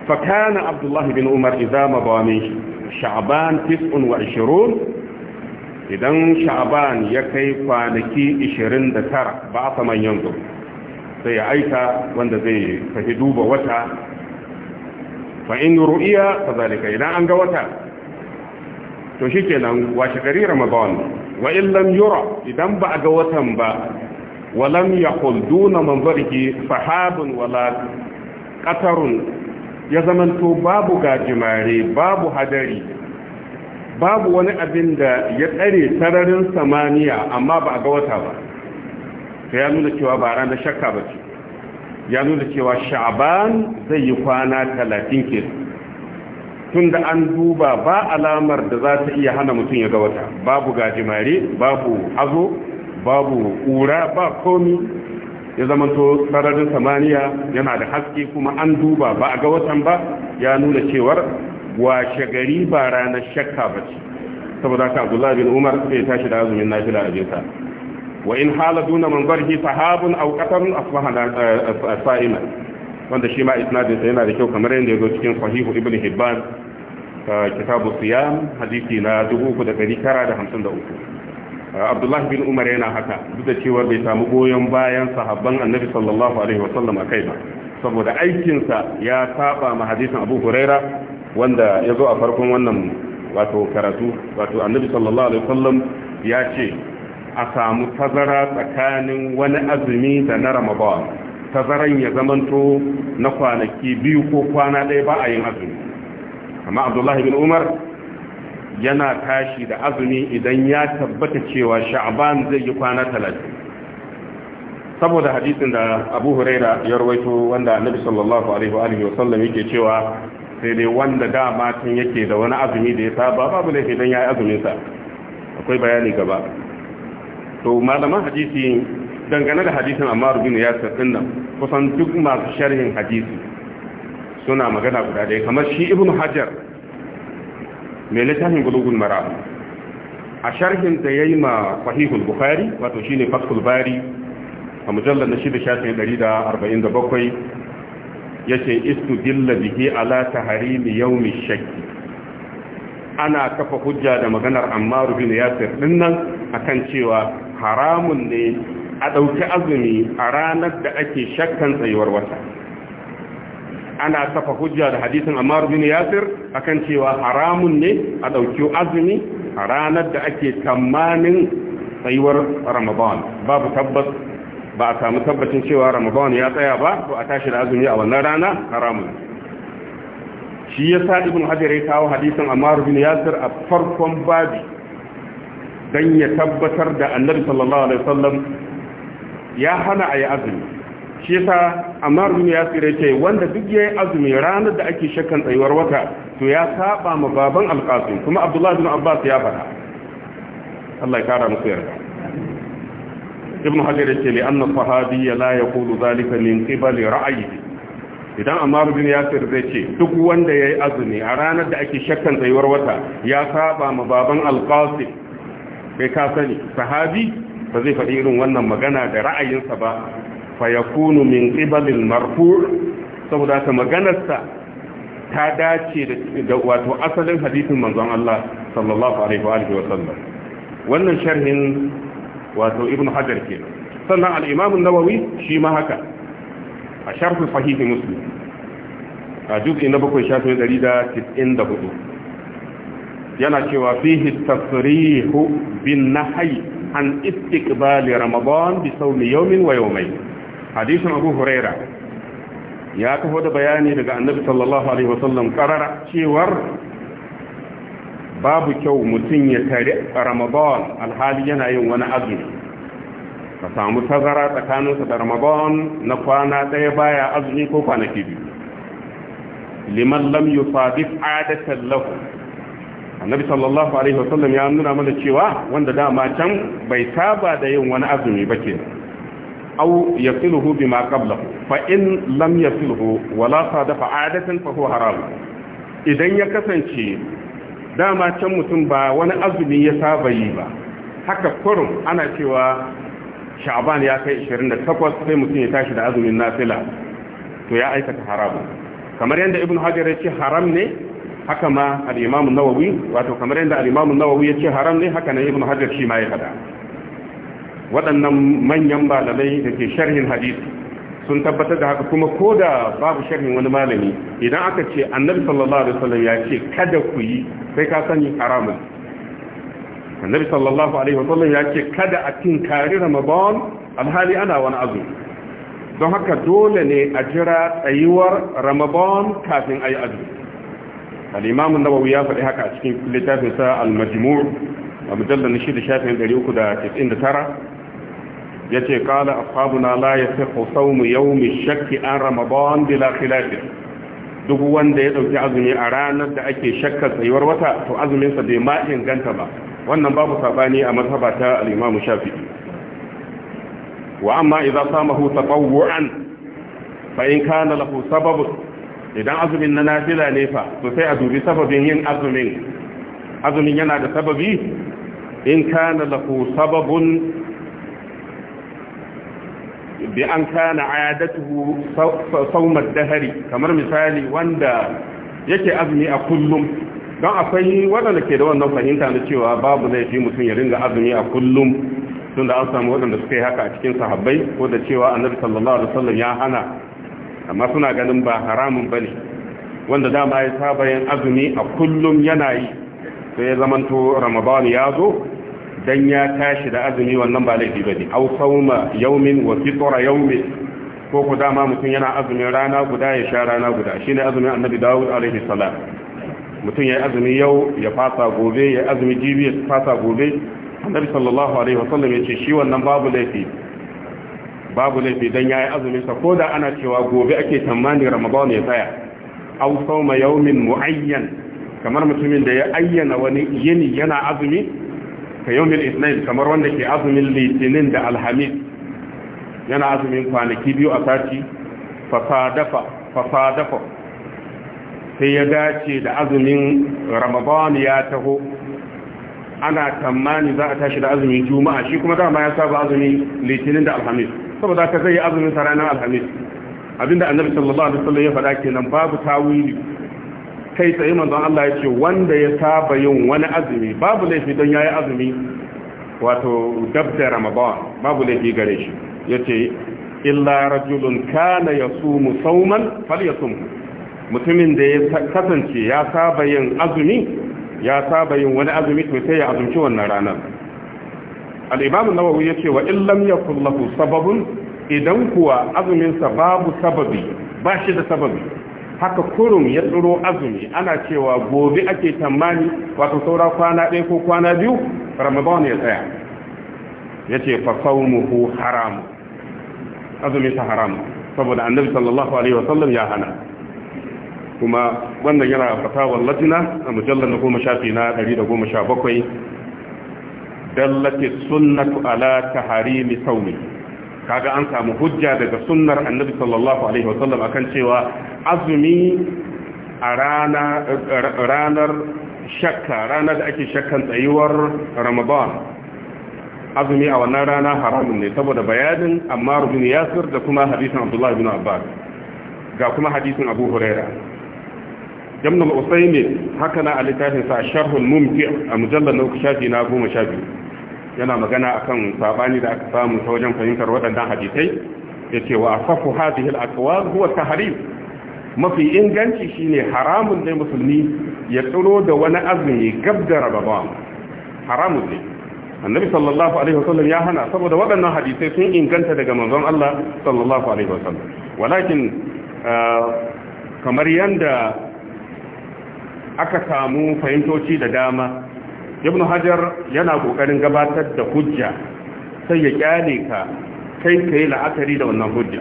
fa kana abdullahi bin umar idza mabawa min sha'ban 29 idan sha'ban ya kai kwanaki 29 ba a saman yanzu sai aika wanda zai fahi duba wata fa in ru'iya idan an ga wata to shi kenan washe gari ramadan wa illan yura idan ba a ga watan ba walam ya na mambarki sahabun wala katarun ya zamanto babu gajimare babu hadari babu wani abin da ya tsare sararin samaniya amma ba a ga wata ba ta ya nuna cewa ba ranar shakka ba ce ya nuna cewa sha'aban zai yi kwana talatin kesu tunda an duba ba alamar da za ta iya hana mutum ya ga wata babu gajimare babu hazo babu ƙura ba komi ya zama to sararin samaniya yana da haske kuma an duba ba a ga watan ba ya nuna cewar washe gari ba ranar shakka ba ce saboda haka abdullahi bin umar sai tashi da azumin nafila a jinsa wa in hala duna manzarhi sahabun aw qatarun asbahana eh, asaiman wanda shi ma isnadin sa yana da kyau kamar yadda ya zo cikin fahihu ibnu hibban kitabu siyam hadisi na uku abdullahi bin umar yana haka duk da cewa bai samu goyon bayan sahabban annabi sallallahu alaihi wasallam kai ba saboda aikinsa ya saba ma hadisin abu huraira wanda ya zo a farkon wannan wato karatu wato annabi sallallahu alaihi wasallam ya ce a samu tazara tsakanin wani azumi da na ramadan tazaran ya zamanto na kwanaki biyu ko kwana ɗaya ba a yin azumi amma abdullahi bin umar yana tashi da azumi idan ya tabbata cewa sha'ban zai yi kwana talatin saboda hadisin da abu huraira ya rawaito wanda annabi sallallahu alaihi wa sallam yake cewa sai dai wanda da matan yake da wani azumi da ya saba babu laifi dan yayi azumin sa akwai bayani gaba to malaman hadisi dangane da hadisin Ammar bin Yasir din nan kusan duk masu sharhin hadisi suna magana guda ɗaya kamar shi ibn hajar mai littafin gulugun mara a sharhin da ya yi ma fahihul bukari wato shi ne fatul bari a mujallar na shida shafin bakwai ya ce istu dilla bihi ala ta hari yau yaumi shakki ana kafa hujja da maganar Amma ammaru ɗin yasir a kan cewa haramun ne a ɗauki azumi a ranar da ake shakkan tsayuwar wata ana safa hujja da hadisin Ammar bin Yasir akan cewa haramun ne a dauki azumi a ranar da ake tamanin tsayuwar Ramadan babu tabbas ba a samu tabbacin cewa Ramadan ya tsaya ba to a tashi da azumi a wannan rana haramun shi yasa Ibn Hajar ya kawo hadisin Ammar bin Yasir a farkon babi dan ya tabbatar da Annabi sallallahu alaihi wasallam ya hana ayi azumi shi yasa rumi ya Yasir ce wanda duk yayi azumi ranar da ake shakkan tsayuwar wata to ya saba ma baban alqasim kuma Abdullahi bin Abbas ya fara Allah ya kara musu yarda Ibn Hajar yake li anna sahabi la yaqulu zalika min qibali ra'yi idan Ammar bin Yasir zai ce duk wanda yayi azumi a ranar da ake shakkan tsayuwar wata ya saba ma baban alqasim qasim kai ka sani sahabi ba zai faɗi irin wannan magana da ra'ayinsa ba fa yakunu min qibalil marfur saboda ta maganarsa ta dace da wato asalin hadisin manzon Allah sallallahu alaihi wa alihi wa sallam wannan sharhin wato ibn hajar ke. sannan al-imam an-nawawi shi ma haka a sharh fahimtar muslim a juz'i na 7 shafin hudu. yana cewa fihi tasrihu bin nahyi an istiqbal ramadan bi sawmi yawmin wa yawmayn hadisin abu huraira ya taho da bayani daga annabi sallallahu alaihi wasallam karara cewar babu kyau mutum ya tare ramadan alhali yana yin wani azumi ka samu tazara tsakaninsa da ramadan na kwana ɗaya baya azumi ko kwanaki biyu liman lam yusadif adatan lahu annabi sallallahu alaihi wasallam ya nuna mana cewa wanda dama can bai saba da yin wani azumi ba kenan أو يصله بما قبله فإن لم يصله ولا صادف عادة فهو حرام idan ya kasance dama can mutum ba wani azumi ya saba yi ba haka kurum ana cewa sha'aban ya kai 28 sai mutum ya tashi da azumin nafila to ya aikata haramu kamar yadda ibn hajar ya ce haram ne haka ma al-imam nawawi wato kamar yadda al nawawi ya ce haram ne haka ibn hajar shi ma ya fada waɗannan manyan malamai da ke sharhin hadisi sun tabbatar da haka kuma ko da babu sharhin wani malami idan aka ce annabi sallallahu alaihi wasallam ya ce kada ku yi sai ka sani haramun annabi sallallahu alaihi wasallam ya ce kada a kari ramadan alhali ana wani azumi don haka dole ne a jira tsayuwar ramadan kafin ayi azumi al-imam an-nawawi ya faɗi haka a cikin littafin sa al-majmu' a mujallal 6 shafin 399 yace qala ashabuna la yasihu yau yawmi shakki an ramadan bila khilaf duk wanda ya dauki azumi a ranar da ake shakkar tsayuwar wata to azuminsa bai ma inganta ba wannan babu sabani a mazhaba ta al-Imam Shafi'i wa amma idza samahu tatawwu'an fa in kana lahu sabab idan azumin na nafila ne fa to sai a dubi sababin yin azumin azumin yana da sababi in kana lahu sababun bi an kana sawm saumar dahari kamar misali wanda yake azumi a kullum don akwai waɗanda ke da wannan fahimta na cewa babu laifi mutum ya ringa azumi a kullum tun da an samu waɗanda suka yi haka a cikin sahabbai ko da cewa annabi sallallahu alaihi wasallam ya hana amma suna ganin ba haramun bane wanda dama ya saba yin azumi a kullum yana yi sai ya zamanto ramadan ya zo dan ya tashi da azumi wannan ba laifi bane aw sauma yawmin wa fitra yawmin ko ku dama mutum yana azumin rana guda ya sha rana guda shine azumin annabi Dawud alaihi salam mutum ya azumi yau ya fasa gobe ya azumi jibi ya fasa gobe annabi sallallahu alaihi wasallam ya ce shi wannan babu laifi babu laifi dan yayi azumin sa koda ana cewa gobe ake tamani ramadan ya tsaya aw sauma yawmin muayyan kamar mutumin da ya ayyana wani yini yana azumi ka yawmin isnain kamar wanda ke azumin litinin da alhamis yana azumin kwanaki biyu a sati fasadafa sai ya dace da azumin ramadan ya taho ana tamani za a tashi da azumin juma'a shi kuma dama ya saba azumin litinin da alhamis saboda ka zai yi azumin sa ranar alhamis abinda annabi sallallahu alaihi wasallam ya faɗa kenan babu tawili kai tsaye manzon Allah ya ce wanda ya saba yin wani azumi babu laifi don yi azumi wato dab da ramadan babu laifi gare shi yace illa rajulun kana yasumu ya falyasum mutumin da ya kasance ya saba yin azumi ya saba yin wani azumi to sai ya azumci wannan ranar al-imam an-nawawi yace wa illam yakul lahu sababun idan kuwa azuminsa babu sababi ba shi da sababi haka kurum ya tsiro azumi ana cewa gobe ake tamani wato saura kwana ɗaya ko kwana biyu ramadan ya tsaya ya ce fa haramu azumi ta haramu saboda annabi sallallahu alaihi wasallam ya hana kuma wannan yana fatawar latina a mujallar na goma shafi na 117 dallati sunnatu ala taharimi saumi kaga an samu hujja daga sunnar annabi sallallahu alaihi wasallam akan cewa azumi a ranar shakka ranar da ake shakkan tsayuwar ramadan azumi a wannan rana haramun ne saboda bayanin amma rubin yasir da kuma hadisin abdullahi bin abbas ga kuma hadisin abu huraira jamnul usaimi haka na a littafinsa sharhul mumti a mujallar na uku shafi na goma sha biyu yana magana akan sabani da aka samu ta wajen fahimtar waɗannan hadisai Ya wa asafu hadhihi al-aqwal huwa tahrim mafi inganci shine haramun ne musulmi ya tsiro da wani azumi gab da rababa haramun ne annabi sallallahu alaihi wasallam ya hana saboda waɗannan hadisai sun inganta daga manzon Allah sallallahu alaihi wasallam walakin ah, kamar yanda aka samu fahimtoci da dama ibn hajar yana kokarin gabatar da hujja sai ya kyale ka kai ka yi la'akari da wannan hujja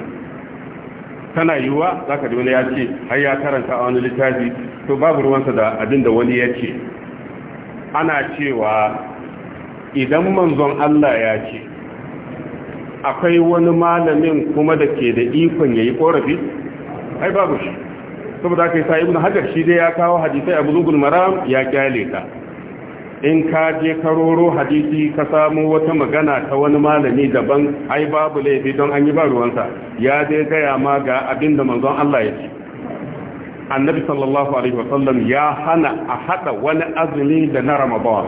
tana yiwuwa za ka ya ce har ya karanta a wani littafi to babu ruwansa da abin da wani ya ce ana cewa idan manzon Allah ya ce akwai wani malamin kuma da ke da ikon ya yi korafi ai babu shi saboda aka yi sa ibn hajar shi dai ya kawo hadisai a bulugun maram ya kyale ka in ka je karoro hadisi ka samu wata magana ta wani malami daban ai babu laifi don an yi ba ruwansa ya dai gaya ma ga abin da manzon Allah ya ce annabi sallallahu alaihi wasallam ya hana a hada wani azumi da na ramadan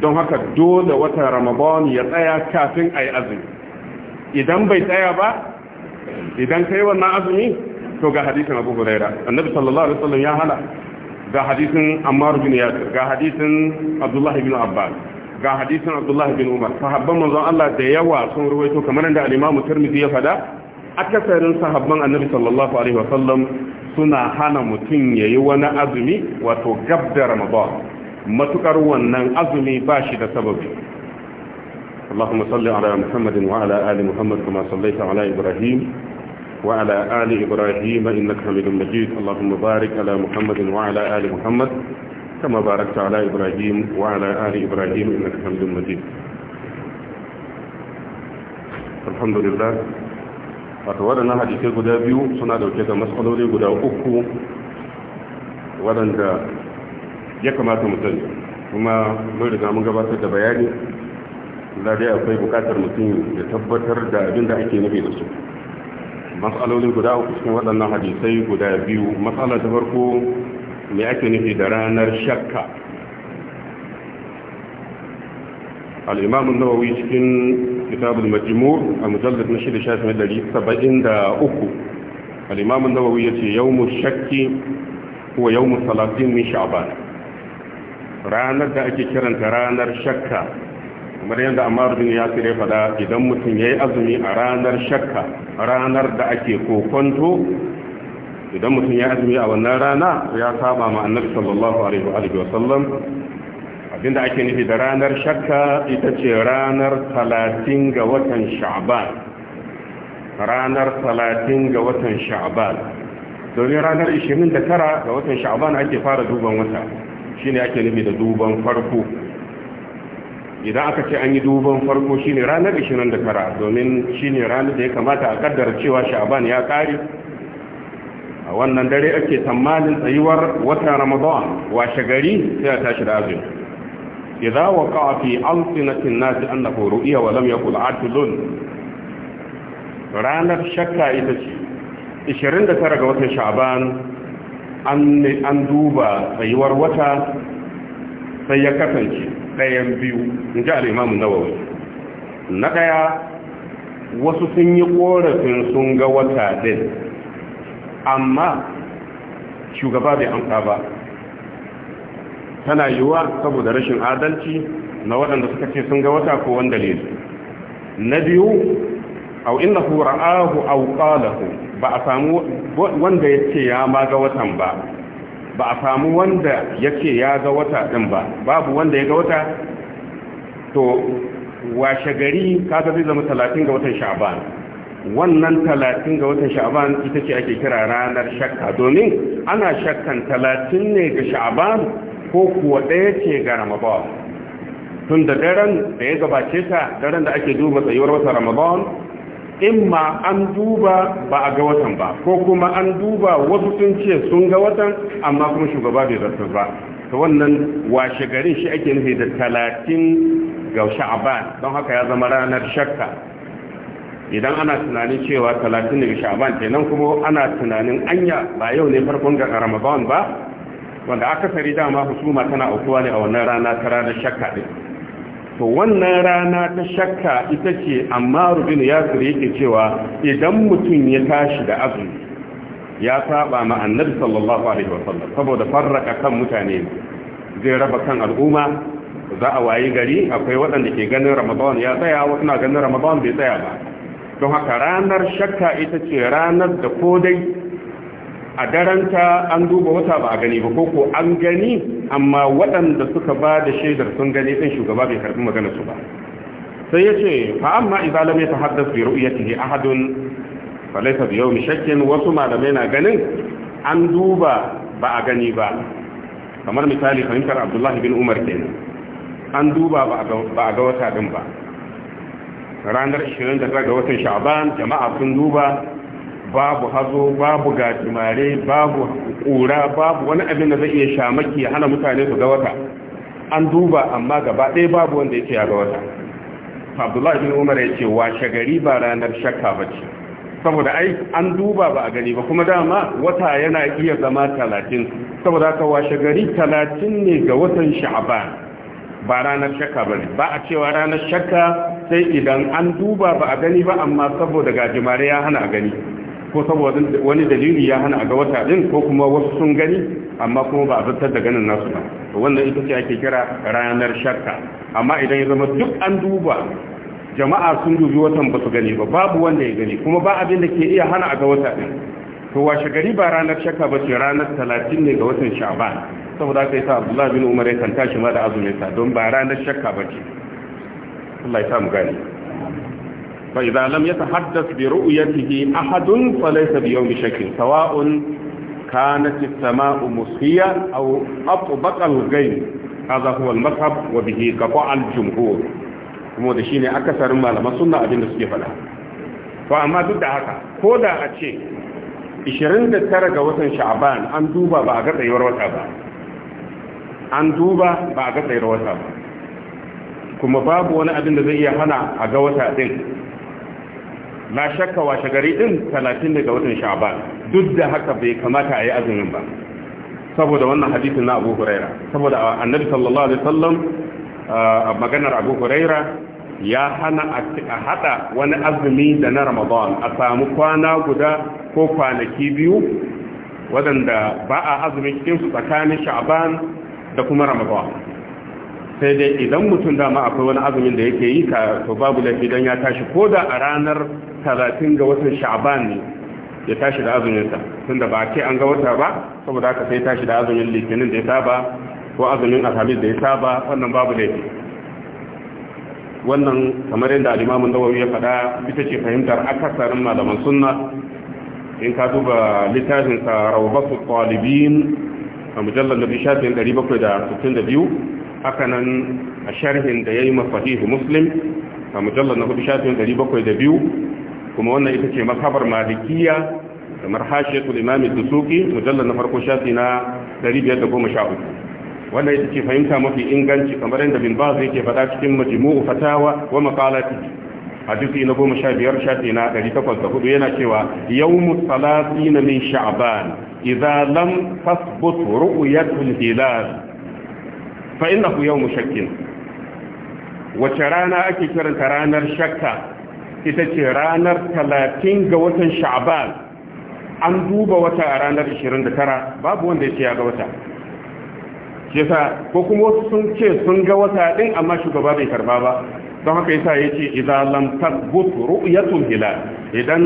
don haka dole wata ramadan ya tsaya kafin ai azumi idan bai tsaya ba idan kai wannan azumi to ga hadisin Abu Hurairah annabi sallallahu alaihi wasallam ya hana ga hadisin ammar bin yasir ga hadisin abdullah bin abbas ga hadisin abdullah bin umar sahabban manzon Allah da yawa sun ruwaito kamar da al-imam tirmidhi ya fada akasarin sahabban annabi sallallahu alaihi wasallam suna hana mutum yayi wani azumi wato gab da ramadan matukar wannan azumi ba shi da sababi اللهم صل على محمد وعلى آل محمد كما صليت على إبراهيم وعلى آل إبراهيم إنك حميد مجيد اللهم بارك على محمد وعلى آل محمد كما باركت على إبراهيم وعلى آل إبراهيم إنك حميد مجيد الحمد لله waɗannan hadisai guda biyu suna dauke da matsaloli guda uku waɗanda ya kamata mu sani kuma mun riga mu gabatar da bayani da dai akwai buƙatar mutum ya tabbatar da abin da ake nufi da su matsalolin guda uku cikin waɗannan hadisai guda biyu matsala ta farko me ake nufi da ranar shakka الإمام النووي في كتاب المجمور المجلد نشيد الشافعي من الذي سبعين دا أكو الإمام النووي يوم الشك هو يوم الثلاثين من شعبان رانا دا أكي كرن رانا الشكا kamar yadda amma bin ya ya fada idan mutum ya yi azumi a ranar shakka ranar da ake kokonto idan mutum ya yi azumi a wannan rana ya saba ma annabi sallallahu alaihi wa sallam abinda ake nufi da ranar shakka ita ce ranar talatin ga watan sha'ban ranar talatin ga watan sha'ban domin ranar 29 ga watan sha'ban ake fara duban wata shine ake nufi da duban farko idan aka ce an yi duban farko shine ranar 29 domin shine ranar da ya kamata a kaddara cewa sha'ban ya kare a wannan dare ake tsammanin tsayuwar watan ramadan washe gari sai a tashi da azumi idza waqa'a fi alsinatin nasi annahu ru'ya wa lam yaqul atlun ranar shakka ita ce 29 ga watan sha'ban an duba tsayuwar wata sai ya kasance ɗayan biyu in ji al'imamun nawawi na ɗaya wasu sun yi ƙorafin sun ga wata ɗin amma shugaba bai amsa ba tana yiwuwa saboda rashin adalci na waɗanda suka ce sun ga wata ko wanda ne na biyu au inna ra'ahu au ba a samu wanda ya ce ya ma ga watan ba ba a samu wanda yake ya ga wata din ba babu wanda ya ga wata to washe gari kaga zai zama 30 ga watan sha'ban wannan 30 ga watan sha'ban ita ce ake kira ranar shakka domin ana shakkan talatin ne ga sha'ban ko kuwa ɗaya ce ga ramadan tun da daren da ya gabace ta daren da ake duba tsayuwar wata ramadan imma an duba ba a ga watan ba ko kuma an duba wasu sun ce sun ga watan amma kuma shugaba bai zartar ba ta wannan washe garin shi ake nufi da talatin ga sha'aban don haka ya zama ranar shakka idan ana tunanin cewa talatin daga sha'aban kenan kuma ana tunanin anya ba yau ne farkon ga ramadan ba wanda akasari dama husuma tana aukuwa ne a wannan rana ta ranar shakka din to wannan rana ta shakka ita ce amma rubin ya yake cewa idan mutum ya tashi da azumi ya saba ma annabi sallallahu alaihi wasallam saboda farraka kan mutane zai raba kan al'umma za a wayi gari akwai waɗanda ke ganin ramadan ya tsaya wasu na ganin ramadan bai tsaya ba don haka ranar shakka ita ce ranar da ko dai a daranta an duba wata ba a gani ba ko ko an gani amma waɗanda suka ba da shaidar sun gani ɗin shugaba bai karɓi magana su ba sai ya ce fa amma idan lam yatahaddath bi ru'yatihi ahadun fa laysa bi yawmi shakkin wasu malamai na ganin an duba ba a gani ba kamar misali fahimtar Abdullahi bin Umar kenan an duba ba a ga wata din ba ranar 29 ga watan Sha'ban jama'a sun duba babu hazo babu gajimare babu kura babu wani abin da zai iya shamaki ya hana mutane su ga wata an duba amma gaba ɗaya babu wanda yake ya ga wata abdullahi bin umar ya ce washe gari ba ranar shakka ba ce saboda ai an duba ba a gani ba kuma dama wata yana iya zama talatin saboda ka washe gari talatin ne ga watan sha'aban ba ranar shakka ba ne ba a cewa ranar shakka sai idan an duba ba a gani ba amma saboda gajimare ya hana a gani ko saboda wani dalili ya hana a ga wata din ko kuma wasu sun gani amma kuma ba a zartar da ganin nasu ba to wannan ita ce ake kira ranar shakka amma idan ya zama duk an duba jama'a sun dubi watan ba su gani ba babu wanda ya gani kuma ba abin da ke iya hana a ga wata din to washe gari ba ranar shakka ba ce ranar talatin ne ga watan sha'ban saboda aka yi sa abdullahi bin umar ya kanta shi ma da azumin sa don ba ranar shakka ba ce Allah ya sa mu fa idza lam yatahaddath bi ru'yatihi ahadun fa laysa bi yawmi shakkin sawa'un kanat as-sama'u musfiya aw atbaqa al-ghayb hadha huwa al-mazhab wa bihi al kuma da malaman sunna abinda suke faɗa to amma duk da haka ko da a ce 29 ga watan sha'aban an duba ba a ga tsayuwar wata ba an duba ba a ga tsayuwar wata ba kuma babu wani abin da zai iya hana a ga wata din na shakka washe gari din 30 daga watan sha'ban duk da haka bai kamata a yi azumin ba saboda wannan hadisin na abu huraira saboda ah, annabi sallallahu alaihi wasallam a ah, maganar abu huraira ya hana a hada wani azumi da na ramadan a samu kwana guda ko kwanaki biyu waɗanda ba a azumin cikin tsakanin sha'ban da kuma ramadan sai dai idan mutum dama akwai wani azumin da yake yi ka to babu laifi dan ya tashi ko da a ranar talatin ga watan sha'ban ne ya tashi da azuminsa tunda ba ce an ga wata ba saboda aka sai tashi da azumin litinin da ya saba ko azumin alhamis da ya saba wannan babu laifi wannan kamar yadda alimamin nawawi ya faɗa ita ce fahimtar akasarin malaman sunna in ka duba littafin sa rawbatu talibin a mujallar da bishafin 762 haka nan a sharhin da ya yi mafahihu muslim a mujallar na bishafin 702 kuma wannan ita ce makabar malikiya kamar hashiyatul imam ad-dusuki mujallal na farko shafi na 513 wannan ita ce fahimta mafi inganci kamar yadda bin baz yake faɗa cikin majmu'u fatawa wa maqalati hadisi na goma sha biyar shafi na takwas 804 yana cewa yawmus salatin min sha'ban idza lam tasbut ru'yatul hilal fa innahu yawmu shakkin wace rana ake kiranta ranar shakka ita ce ranar talatin ga watan sha'ban an duba wata a ranar 29 babu wanda ya ce ya ga wata sa ko kuma wasu sun ce sun ga wata din amma shugaba bai karba ba don haka yasa yace idan lam tathbut ru'yatul hilal idan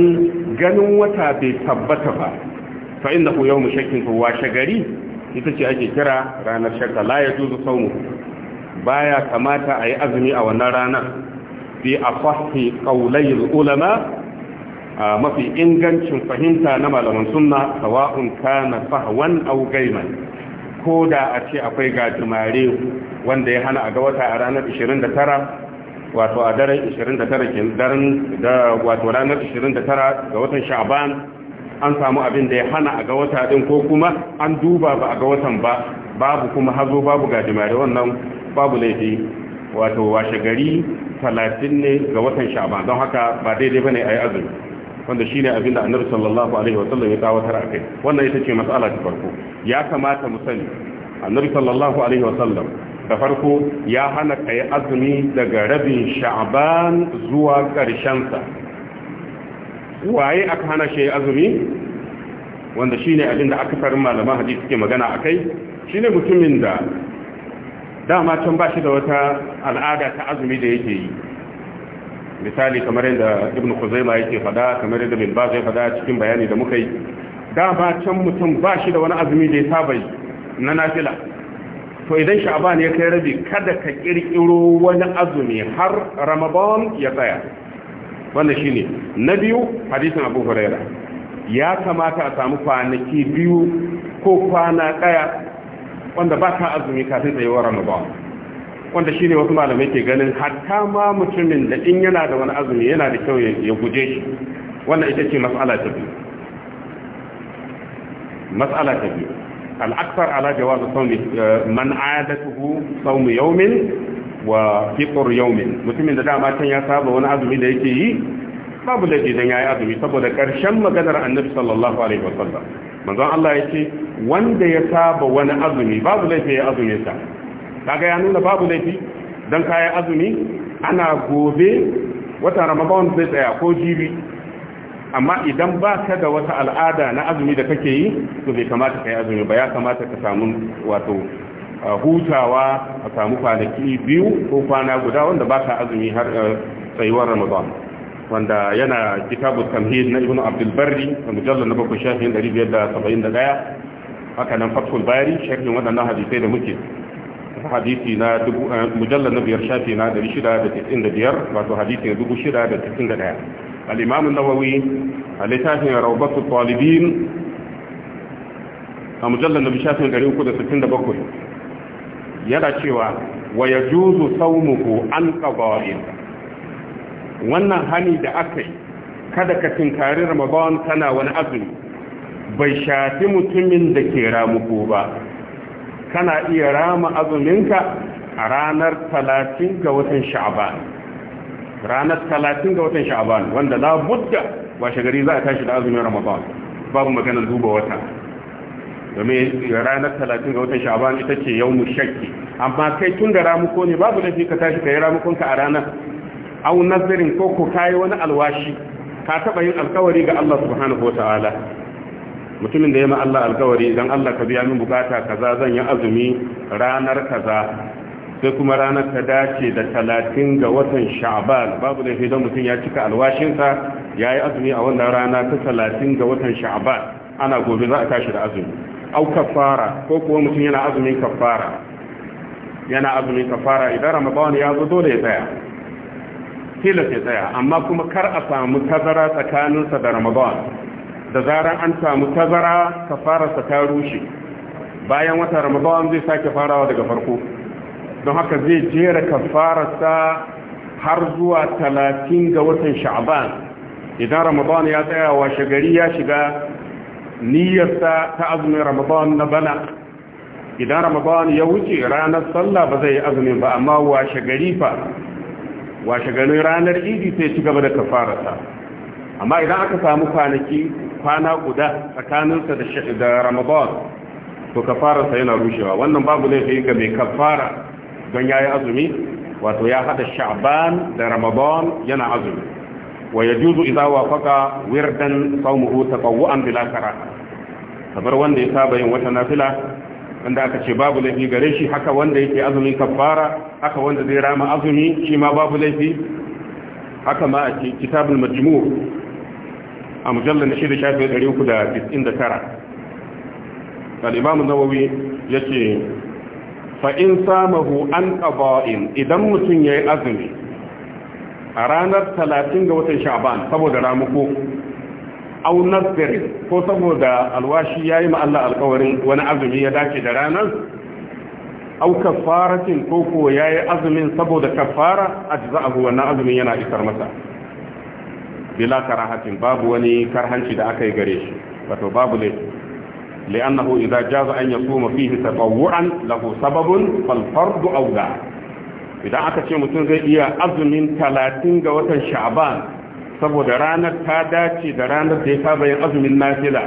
ganin wata bai tabbata ba fa innahu yawmu shakkin washe shagari ita ce ake kira ranar shakka la yajuzu sawmu baya kamata ayi azumi a wannan ranar fi afahi qaulayil ulama mafi ingancin fahimta na malaman sunna sawa'un kana fahwan aw gaiman ko da a ce akwai gajimare wanda ya hana a ga wata a ranar 29 wato a daren 29 kin daren da wato ranar 29 ga watan sha'ban an samu abin da ya hana a ga wata din ko kuma an duba ba a ga watan ba babu kuma hazo babu gajimare wannan babu laifi wato washe gari talatin ne ga watan Sha'aba don haka ba daidai bane a yi azumi wanda shine abinda annabi sallallahu alaihi wa sallam ya a akai wannan ita ce matsala ta farko ya kamata mu sani annabi sallallahu alaihi wa sallam da farko ya hana kai azumi daga rabin Sha'aban zuwa karshen sa waye aka hana shi azumi wanda shine abinda aka farin malaman hadisi ke magana akai shine mutumin da dama can ba shi da wata al'ada ta azumi da yake yi misali kamar yadda ibn kuzaima yake fada kamar yadda bin bazai fada cikin bayani da muka yi dama can mutum ba shi da wani azumi da ya saba na nafila to idan sha'ban ya kai rabi kada ka kirkiro wani azumi har ramadan ya tsaya wannan shine na biyu hadisin abu ya kamata a samu kwanaki biyu ko kwana ɗaya. wanda ba ta azumi kafin tsayuwar Ramadan wanda shine wasu malamai ke ganin hatta ma mutumin da in yana da wani azumi yana da kyau ya guje shi wannan ita ce mas'ala ta biyu mas'ala ta biyu al-akthar ala jawaz sawmi eh, man adatuhu sawm yawmin wa fitr yawmin mutumin da dama can ya saba wani azumi da yake yi babu da jidan yi azumi saboda karshen maganar annabi sallallahu alaihi wasallam manzon Allah ya ce wanda ya saba wani azumi babu laifi ya azumin sa kaga ya nuna babu laifi dan kayan azumi ana gobe wata ramadan zai tsaya ko jibi amma idan ba ka da wata al'ada na azumi da kake yi to bai kamata ka yi azumi ba ya kamata ka samu wato hutawa a samu kwanaki biyu ko kwana guda wanda ba ka azumi har eh, tsayuwar ramadan wanda yana kitabu tamhid na ibnu abdul barri da mujallal na bakwai shafin 571 haka nan fathul bari sharhin waɗannan hadisai da muke hadisi na eh, mujallal na biyar shafi na 695 wato hadisi na 691 al-imam an-nawawi a littafin rawbatu talibin a mujallal na shafin 367 yana cewa wa yajuzu sawmuhu an qawa'id wannan hani da aka yi kada ka tinkari ramadan kana wani azumi bai shafi mutumin da ke ramuku ba kana iya rama azuminka a ranar talatin ga watan shaban. ranar talatin ga watan shaban wanda budda washe gari za a tashi da azumin ramadan babu maganar duba wata domin ranar talatin ga watan shaban ita ce yau mu shakki amma kai tun da ramuko ne babu da ka tashi ka yi ramukonka a ranar au nazarin ko ku kai wani alwashi ka taba yin alkawari ga Allah subhanahu wataala mutumin da ya ma Allah alkawari idan Allah ka biya min bukata kaza zan yi azumi ranar kaza sai kuma ranar ta dace da talatin ga watan sha'ban babu da idan mutum ya cika alwashinsa ya yi azumi a wannan rana ta talatin ga watan sha'ban ana gobe za a tashi da azumi au kafara ko kuwa mutum yana azumin kafara yana azumin kafara idan ramadan ya zo dole ya tsaya tilas ya tsaya amma kuma kar a samu tazara tsakaninsa da ramadan da zaran an samu tazara ka sa ta rushe bayan wata ramadan zai sake farawa daga farko don haka zai jera sa har zuwa talatin ga watan sha'aban idan ramadan ya tsaya washe gari ya shiga niyyarsa ta azumin ramadan na bana idan ramadan ya wuce ranar sallah ba zai yi azumin ba amma washe gari fa washe garin ranar idi sai ci gaba da kafararsa amma idan aka samu kwanaki kwana guda tsakaninsa da ramadan to kafararsa yana rushewa wannan babu laifi ga mai kafara don ya yi azumi wato ya hada sha'ban da ramadan yana azumi wa ya juzu idza wafaqa wirdan sawmuhu tatawwu'an bila karaha kabar wanda ya saba yin wata nafila wanda aka ce babu laifi gare shi haka wanda yake azumin kafara haka wanda zai rama azumi shi ma babu laifi haka ma a kitabul majmu a mujallar na shida shafi ɗari uku da tis'in da tara al'imamu nawawi ya ce fa'in samahu an ƙaba'in idan mutum ya yi azumi a ranar talatin ga watan sha'aban saboda ramuko au nasir ko saboda alwashi yayi ma Allah alƙawarin wani azumi ya dace da ranar au kafaratin ko ko yayi azumin saboda kafara ajza'ahu wannan azumin yana isar masa bila karahatin babu wani karhanci da aka yi gare shi wato babu ne li'annahu idza jaza an yasuma fihi tatawwu'an lahu sababun fal fardu awla idan aka ce mutum zai iya azumin 30 ga watan sha'ban saboda ranar ta dace da ranar da ya saba yin azumin nafila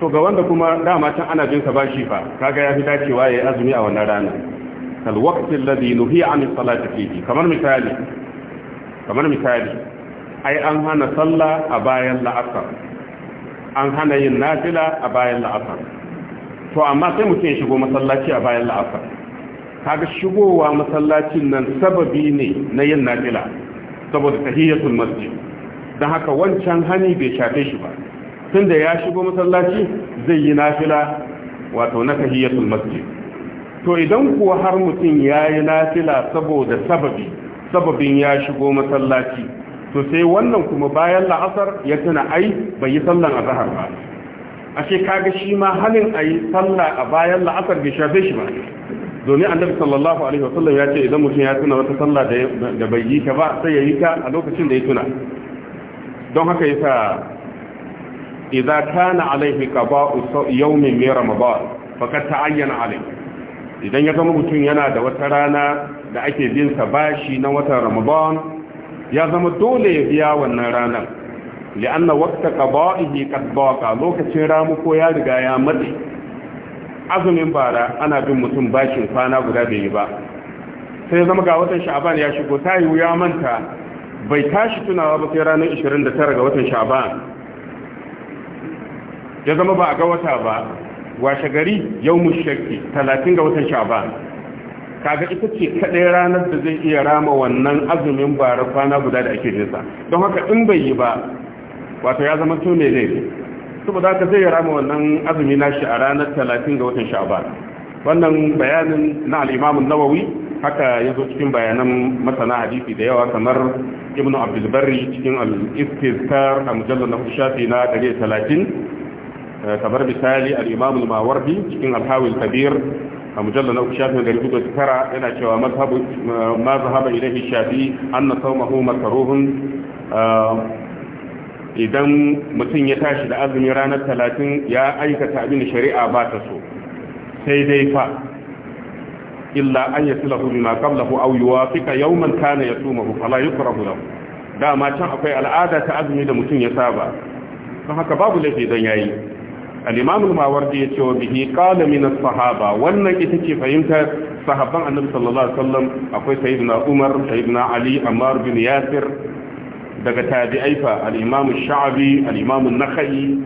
to ga wanda kuma dama can ana jinsa ba bashi fa kaga yafi dacewa ya yi azumi a wannan rana kal waqtil ladhi nuhi anis salati fihi kamar misali kamar misali ai an hana sallah a bayan la'asar an hana yin nafila a bayan la'asar to amma sai mutum ya shigo masallaci a bayan la'asar kaga shigowa masallacin nan sababi ne na yin nafila saboda tahiyatul masjid da haka wancan hani bai shafe shi ba tun da ya shigo masallaci zai yi nafila wato na tahiyatul masjid to idan kuwa har mutum ya yi nafila saboda sababi sababin ya shigo masallaci to sai wannan kuma bayan la'asar ya tuna ai bai yi sallan azhar ba ashe kaga shi ma halin yi salla a bayan la'asar bai shafe shi ba domin annabi sallallahu alaihi wasallam ya ce idan mutum ya tuna wata sallah da bai yi ta ba sai ya yi ta a lokacin da ya tuna don haka yasa idza kana alaihi qaba'u yawmin min ramadan faqad ta'ayyana alaihi idan ya zama mutum yana da wata rana da ake bin sa bashi na watan ramadan ya zama dole ya biya wannan ranar li'anna waqta qaba'ihi qad baqa lokacin ko ya riga ya matsi azumin bara ana bin mutum bashin kwana guda bai yi ba sai zama ga watan sha'aban ya shigo tayi ya manta bai tashi tunawa ba sai ranar 29 ga watan sha'ban ya zama ba a ga wata ba washe gari yau mushakki 30 ga watan sha'ban kaga ita ce kaɗai ranar da zai iya rama wannan azumin bara kwana guda da ake nisa don haka in bai yi ba wato ya zama to ne ne saboda haka zai rama wannan azumi nashi a ranar 30 ga watan sha'ban wannan bayanin na al-imam an-nawawi haka yazo cikin bayanan masana hadisi da yawa kamar ibn abdul barri cikin al-istizkar a mujallar na shafi na talatin. Eh, kamar misali al-imam cikin al kabir a mujallar na shafi na 109 yana cewa mazhabu ma zahaba ilayhi shafi anna sawmahu makruhun eh, idan mutum ya tashi da azumi ranar talatin ya aikata abin shari'a ba ta so sai dai fa illa an yasilahu bima qablahu aw yuwafiqa yawman kana yasumahu fala yukrahu lahu ma can akwai al'ada ta azumi da mutum ya saba don haka babu laifi dan yayi al-imam al-mawardi yace wa bihi qala min as-sahaba wannan ita ce fahimtar sahabban annabi sallallahu alaihi wasallam akwai sayyidina umar sayyidina ali ammar bin yasir daga tabi'ai fa al-imam ash-sha'bi al-imam an-nakhai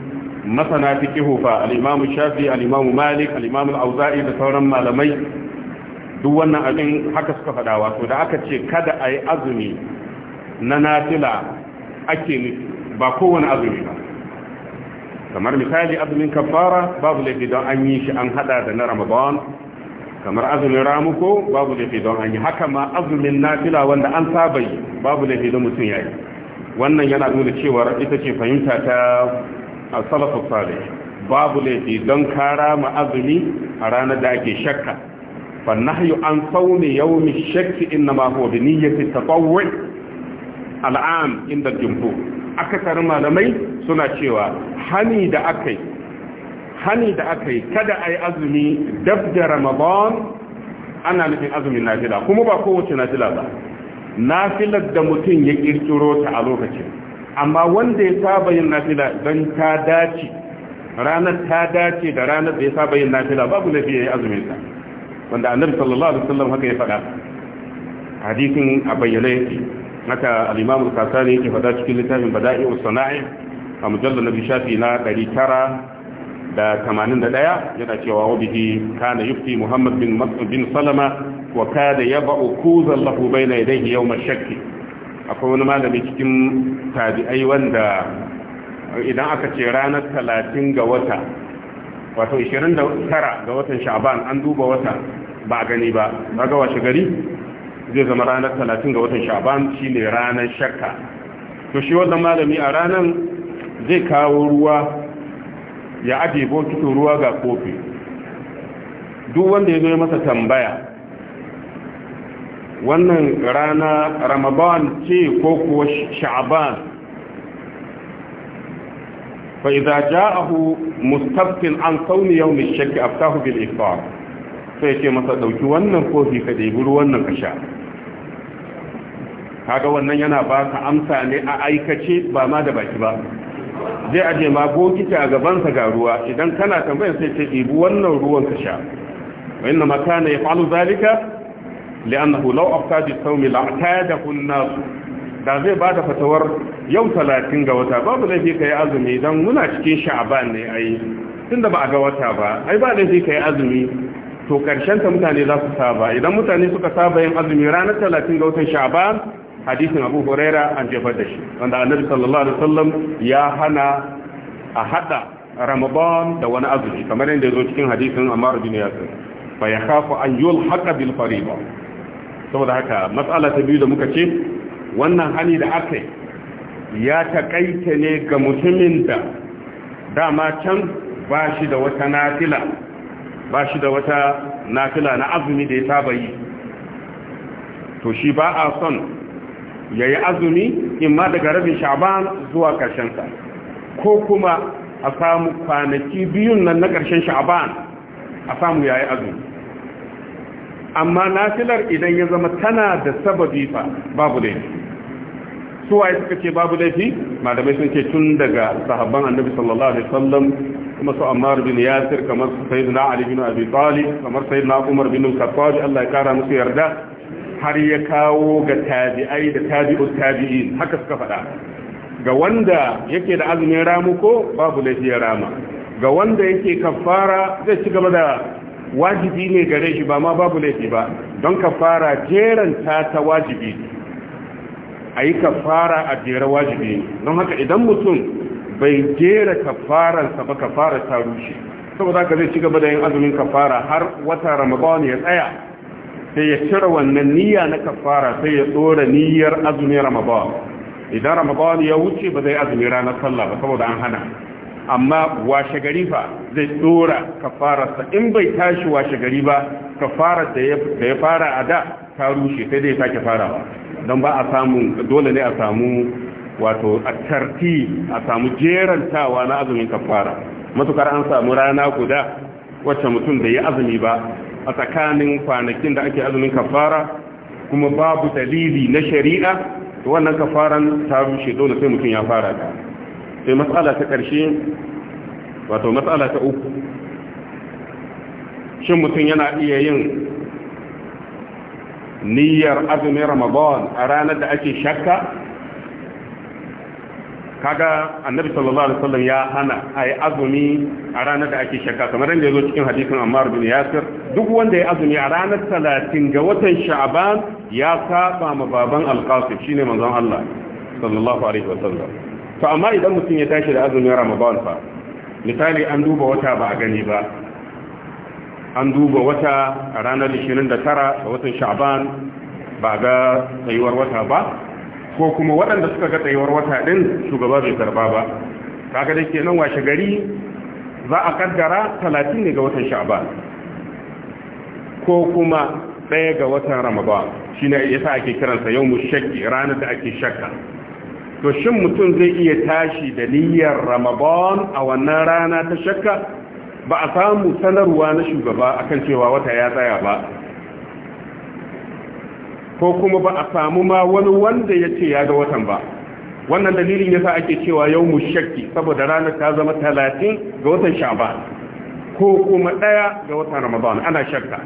masana fiqihu fa al shafi al malik al-imam auzai da sauran malamai duk wannan abin haka suka faɗa wato da aka ce kada a yi azumi na nafila ake nufi ba kowane azumi ba kamar misali azumin kafara babu laifi don an yi shi an haɗa da na ramadan kamar azumin ramuko babu laifi don an yi haka ma azumin nafila wanda an saba yi babu laifi don mutum ya yi wannan yana nuna cewar ita ce fahimta ta a salafu salih babu laifi don kara ma azumi a ranar da ake shakka fa nahyu an sauni yawmi shakki inna ma huwa bi niyyati tatawwu al'am inda jumhur akasarin malamai suna cewa hani da akai hani da akai kada ai azumi dab da ramadan ana nufin azumin nafila kuma ba kowace nafila ba nafilar da mutum ya kirkiro ta a lokacin amma wanda ya saba yin nafila don ta dace ranar ta dace da ranar da ya saba yin nafila babu lafi ya yi azumin wanda annabi sallallahu alaihi wasallam haka ya faɗa hadisin a bayyane yake haka al-imam al-kasani yake faɗa cikin littafin bada'i wa sana'i a mujallal nabi shafi na ɗaya. yana cewa wa bihi kana yufti muhammad bin bin salama wa kada yab'u kuzan lahu bayna yadayhi yawm ash-shakki akwai wani malami cikin tabi'ai wanda idan aka ce ranar talatin ga wata wato 29 ga watan sha'ban an duba wata ba a gani ba ga washe gari zai zama ranar 30 ga watan sha'ban shine ranar shakka to shi wannan malami a ranar zai kawo ruwa ya ajiye bokitin ruwa ga kofi duk wanda ya zo masa tambaya wannan rana ramadan ce ko kuwa sha'aban fa idza ja'ahu mustaftin an sawmi yawm ash-shakk aftahu bil iftar sai ce masa dauki wannan kofi ka debi ruwan nan ka sha kaga wannan yana ba ka amsa ne a aikace ba ma da baki ba zai aje ma a gaban sa ga ruwa idan kana tambayar sai ce dibi wannan ruwan ka sha wa inna ma kana yafalu zalika li'annahu law afta bi sawmi la'tadahu da zai ba da fatawar yau talatin ga wata babu laifi kai azumi dan muna cikin sha'ban ne ai tunda ba a ga wata ba ai ba laifi kai azumi to karshen ta mutane za su saba idan mutane suka saba yin azumi ranar talatin ga watan sha'ban hadisin abu huraira an jefar da shi wanda annabi sallallahu alaihi wasallam ya hana a hada ramadan da wani azumi kamar yadda ya zo cikin hadisin ammar bin yasir fa yakhafu an yulhaqa bil fariba saboda haka matsala ta biyu da muka ce wannan hali da aka ya taƙaita ne ga mutumin da dama can ba shi da wata nafila ba shi da wata nafila na azumi da ya saba yi to shi ba a son ya yi azumi in ma daga rabin sha'aban zuwa ƙarshensa ko kuma a samu kwanaki biyun nan na ƙarshen sha'aban a samu ya yi azumi amma nafilar idan ya zama tana da sababi fa babu laifi su waye suka ce babu laifi malamai sun ce tun daga sahabban annabi sallallahu alaihi wasallam kuma su ammar bin yasir kamar sayyidina ali bin abi talib kamar sayyidina umar bin al-khattab Allah ya kara musu yarda har ya kawo ga tabi'ai da tabi'ut tabi'in haka suka faɗa ga wanda yake da azumin ramu ko babu laifi ya rama ga wanda yake kafara zai ci gaba da wajibi ne gare shi ba ma babu laifi ba don ka fara jeranta ta wajibi a yi kafara a jera wajibi don haka idan mutum bai jera kafaransa ba kafara ta rushe saboda ka zai ci gaba da yin azumin kafara har wata ramadan ya tsaya sai ya cire wannan niyya na kafara sai ya tsora niyyar azumin ramadan idan ramadan ya wuce ba zai azumi ranar sallah ba saboda an hana amma washe gari fa zai tsora kafararsa in bai tashi washe gari ba kafarar da ya fara a da ta rushe sai dai sake fara. don ba a samu dole ne a samu wato a tarti a samu jerantawa na azumin kafara matukar an samu rana guda wacce mutum da ya azumi ba a tsakanin kwanakin da ake azumin kafara kuma babu dalili na shari'a wannan kafaran ta rushe dole sai mutum ya fara ta sai matsala ta ƙarshe wato matsala ta uku shin mutum yana iya yin niyyar azumin ramadan a ranar da ake shakka kaga annabi sallallahu alaihi wasallam ya hana ayi azumi a ranar da ake shakka kamar yadda zo cikin hadisin Ammar bin Yasir duk wanda ya azumi a ranar talatin ga watan Sha'ban ya saba ma baban alkafi shine manzon Allah sallallahu alaihi wasallam to amma idan mutum ya tashi da azumin ramadan fa misali an duba wata ba a gani ba an duba wata a ranar 29 ga watan sha'ban ba ga tsayuwar wata ba ko kuma waɗanda suka ga tsayuwar wata ɗin shugaba bai zarba ba kaga da nan washe gari za a kaddara 30 ne ga watan sha'ban ko kuma ɗaya ga watan ramadan shine yasa ake kiransa yau mu shakki ranar da ake shakka to shin mutum zai iya tashi da niyyar ramadan a wannan rana ta shakka ba a samu sanarwa na shugaba akan cewa wata ya tsaya ba ko kuma ba a samu ma wani wanda ya ce ya ga watan ba wannan dalilin yasa ake cewa yau mu shakki saboda ranar ta zama talatin ga watan sha'ban ko kuma ɗaya ga watan ramadan ana shakka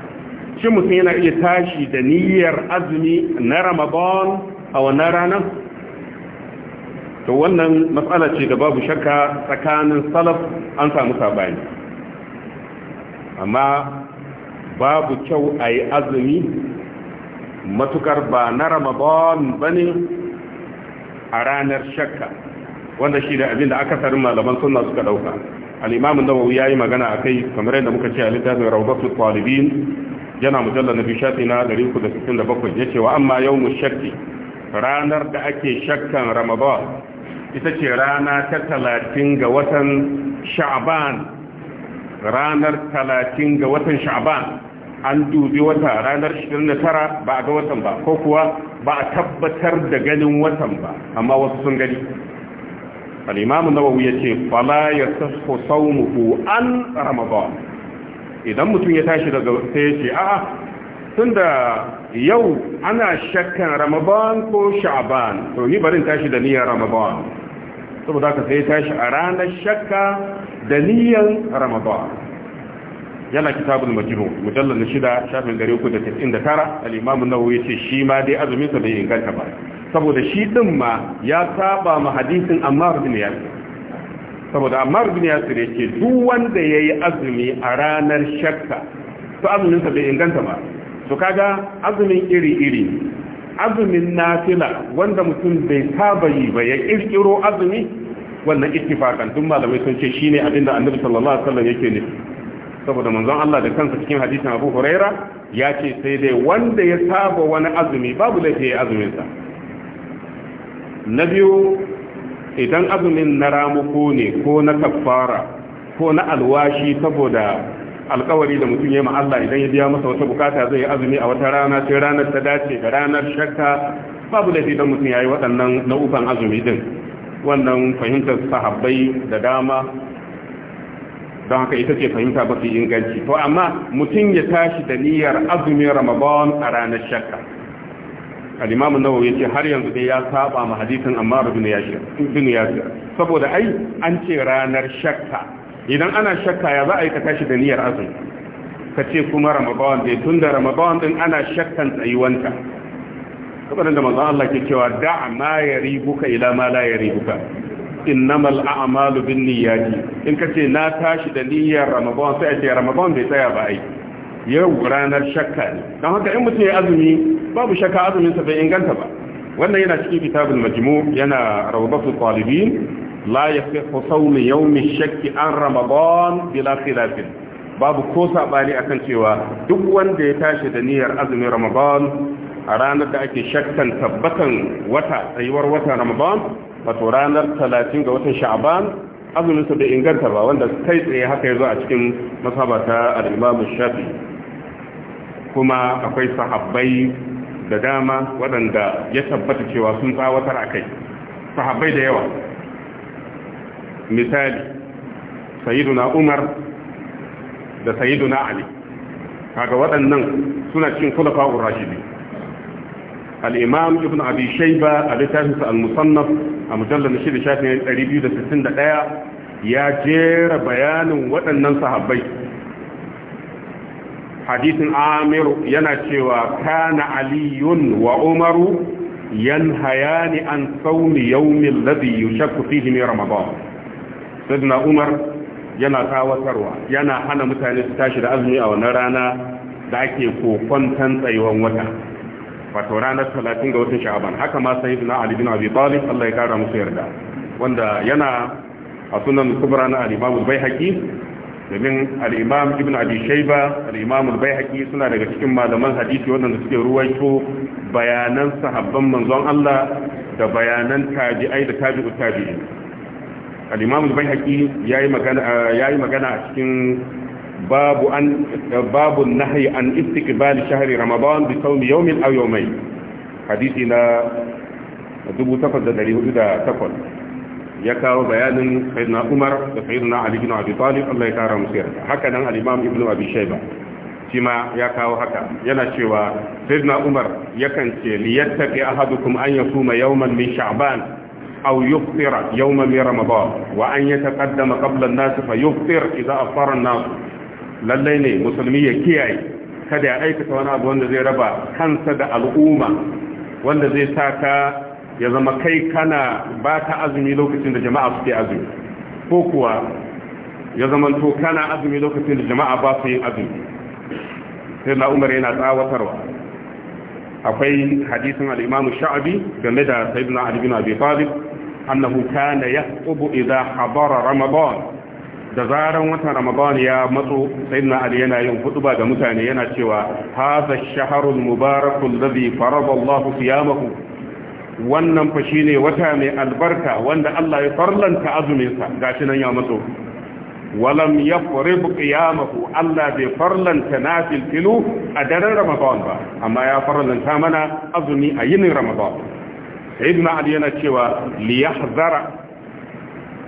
Shin mutum yana iya tashi da niyyar azumi na ramadan a wannan ranar to wannan matsala ce da babu shakka tsakanin salaf an samu sabani amma babu kyau a yi azumi matukar ba na ramadan bane a ranar shakka wanda shi da abin da aka sarin malaman sunna suka dauka al-imam an-nawawi yayi magana akai kamar yadda muka ce a littafin rawdatul talibin yana mujallal nabi shafi na 367 yace wa amma yawmu shakki ranar da ake shakkan ramadan ita ce rana ta talatin ga watan sha'aban ranar talatin ga watan sha'aban an dubi wata ranar 29 ba a ga watan ba ko kuwa ba a tabbatar da ganin watan ba amma wasu sun gani al'imamu nawawi ya ce fala ya sasso saumuhu an ramadan idan mutum ya tashi daga sai ya ce a'a tun da yau ana shakkan ramadan ko sha'aban to ni barin tashi da niyyar ramadan saboda ka sai tashi a ranar shakka da niyyar ramadan yana kitabul majnun mujallal na shida shafin gare ku da tasirin da tara al-imam an-nawawi yace shi ma dai azumin sa bai inganta ba saboda shi din ma ya saba ma hadisin ammar bin yasir saboda ammar bin yasir yace duk wanda yayi azumi a ranar shakka to azumin sa bai inganta ba to kaga azumin iri iri azumin nafila wanda mutum bai saba yi ba ya kirkiro azumi wannan ittifaqan duk malamai sun ce shine abinda annabi sallallahu alaihi wasallam yake ne. saboda manzon Allah da kansa cikin hadisin Abu Huraira ya ce sai dai wanda ya saba wani azumi babu laifi ya azumin sa na idan azumin na ramuko ne ko na kafara ko na alwashi saboda alkawari da mutum ya ma Allah idan ya biya masa wata bukata zai yi azumi a wata rana sai ranar ta dace da ranar shakka babu da idan mutum ya yi waɗannan nau'ukan azumi din wannan fahimtar sahabbai da dama don haka ita ce fahimta ba su inganci to amma mutum ya tashi da niyyar azumin ramadan a ranar shakka al-imam nawawi yace har yanzu dai ya saba ma hadisin ammar ibn yasir ibn yasir saboda ai an ce ranar shakka idan ana shakka ya za a yi tashi da niyyar azumi ka ce kuma ramadan dai tun da ramadan din ana shakkan tsayuwanta kamar da manzo Allah ke cewa da ma yaribuka ila ma la yaribuka innamal a'malu binniyati in ce na tashi da niyyar ramadan sai a ce ramadan bai tsaya ba ai yau ranar shakka ne don haka in mutum ya azumi babu shakka azumin sa bai inganta ba wannan yana cikin kitabul majmu yana rawdatul talibin la yasihu sawmu yawmi shakki an ramadan bila babu ko sabani akan cewa duk wanda ya tashi da niyyar azumin ramadan a ranar da ake shakkan tabbatan wata tsayuwar wata ramadan wato ranar 30 ga watan sha'ban azumin su da inganta ba wanda kai tsaye haka yazo a cikin masabata al-imam shafi kuma akwai sahabbai da dama waɗanda ya tabbata cewa sun tsawatar akai sahabbai da yawa misali sayyiduna umar da sayyiduna ali kaga waɗannan suna cikin kulafa'ur rashidi al-imam ibn abi shayba a littafinsa al-musannaf a mujallar na shida shafin 261 ya jera bayanin waɗannan sahabbai hadisin amiru yana cewa kana aliyun wa umaru yan hayani an sauni yawmin ladhi yushakku fihi min ramadan sayyidina umar yana kawatarwa yana hana mutane su tashi da azumi a wannan rana da ake kokwantan tsayuwan wata wato ranar 30 ga watan sha'aban haka ma sayyidina ali bin abi talib Allah ya kara musu yarda wanda yana a sunan kubra na al-imam domin al ibn abi shayba al-imam al suna daga cikin malaman hadisi waɗanda suke ruwaito bayanan sahabban manzon Allah da bayanan tabi'ai da tabi'u tabi'in al-imam al-baihaqi yayi magana a cikin babu an babu nahyi an istiqbal shahr ramadan bi sawm yawm a yawmayn hadisi na 8408 ya kawo bayanin sayyidina Umar da sayyidina Ali bin Abi Talib Allah ya kara musu yarda haka nan al-Imam Ibn Abi shi ma ya kawo haka yana cewa sayyidina Umar yakan ce li yattaqi ahadukum an yasuma yawman min Sha'ban aw yuftira yawma min ramadan wa an yataqaddama qabla an-nas fa yuftir idza afara an-nas Lallai ne musulmi ya kiyaye kada ya aikata wani abu wanda zai raba kansa da al'umma wanda zai sa ya zama kai kana ba ta azumi lokacin da jama'a suke azumi ko kuwa ya zama to kana azumi lokacin da jama'a ba yin azumi sai na umar yana tsawatarwa akwai hadisin al'imamu sha'abi game da sayyidina ali bin abi talib annahu kana yaqtubu idza habara ramadan da zaran watan ramadan ya matso sayyidina ali yana yin hutuba ga mutane yana cewa hadha ash-shahru al-mubaraku alladhi farada Allahu wannan fa shine wata mai albarka wanda Allah ya farlanta azumin sa gashi nan ya matso walam yafrid qiyamahu Allah bai farlanta nafil filu a daren ramadan ba amma ya farlanta mana azumi a yinin ramadan sayyidina ali yana cewa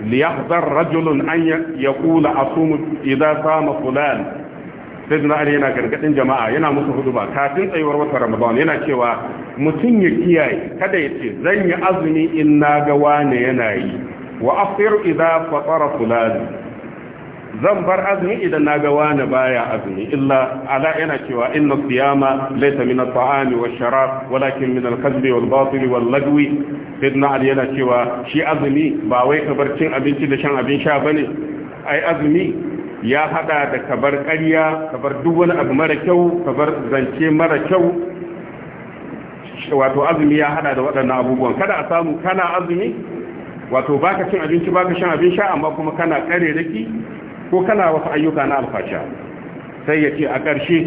liyahzar rajulun an yaqula asumu idza sama fulan sayyidina ali yana gargadin jama'a yana musu huduba kafin tsayuwar watan ramadan yana cewa mutum ya kiyaye kada ya ce zan yi azumi in na ga wane yana yi wa afir idza fatara fulan zan bar azumi idan na ga wani baya azumi illa ala yana cewa inna siyama laysa min at-ta'ami wash-sharab walakin min al-kadhbi wal-batil wal-lagwi sayyidina ali yana cewa shi azumi ba wai kabar cin abinci da shan abin sha bane ai azumi ya hada da kabar ƙarya kabar duk wani abu mara kyau kabar zance mara kyau wato azumi ya hada da waɗannan abubuwan kada a samu kana azumi wato baka cin abinci baka shan abin sha amma kuma kana kare daki ko kana wasu ayyuka na alfasha sai ya ce a ƙarshe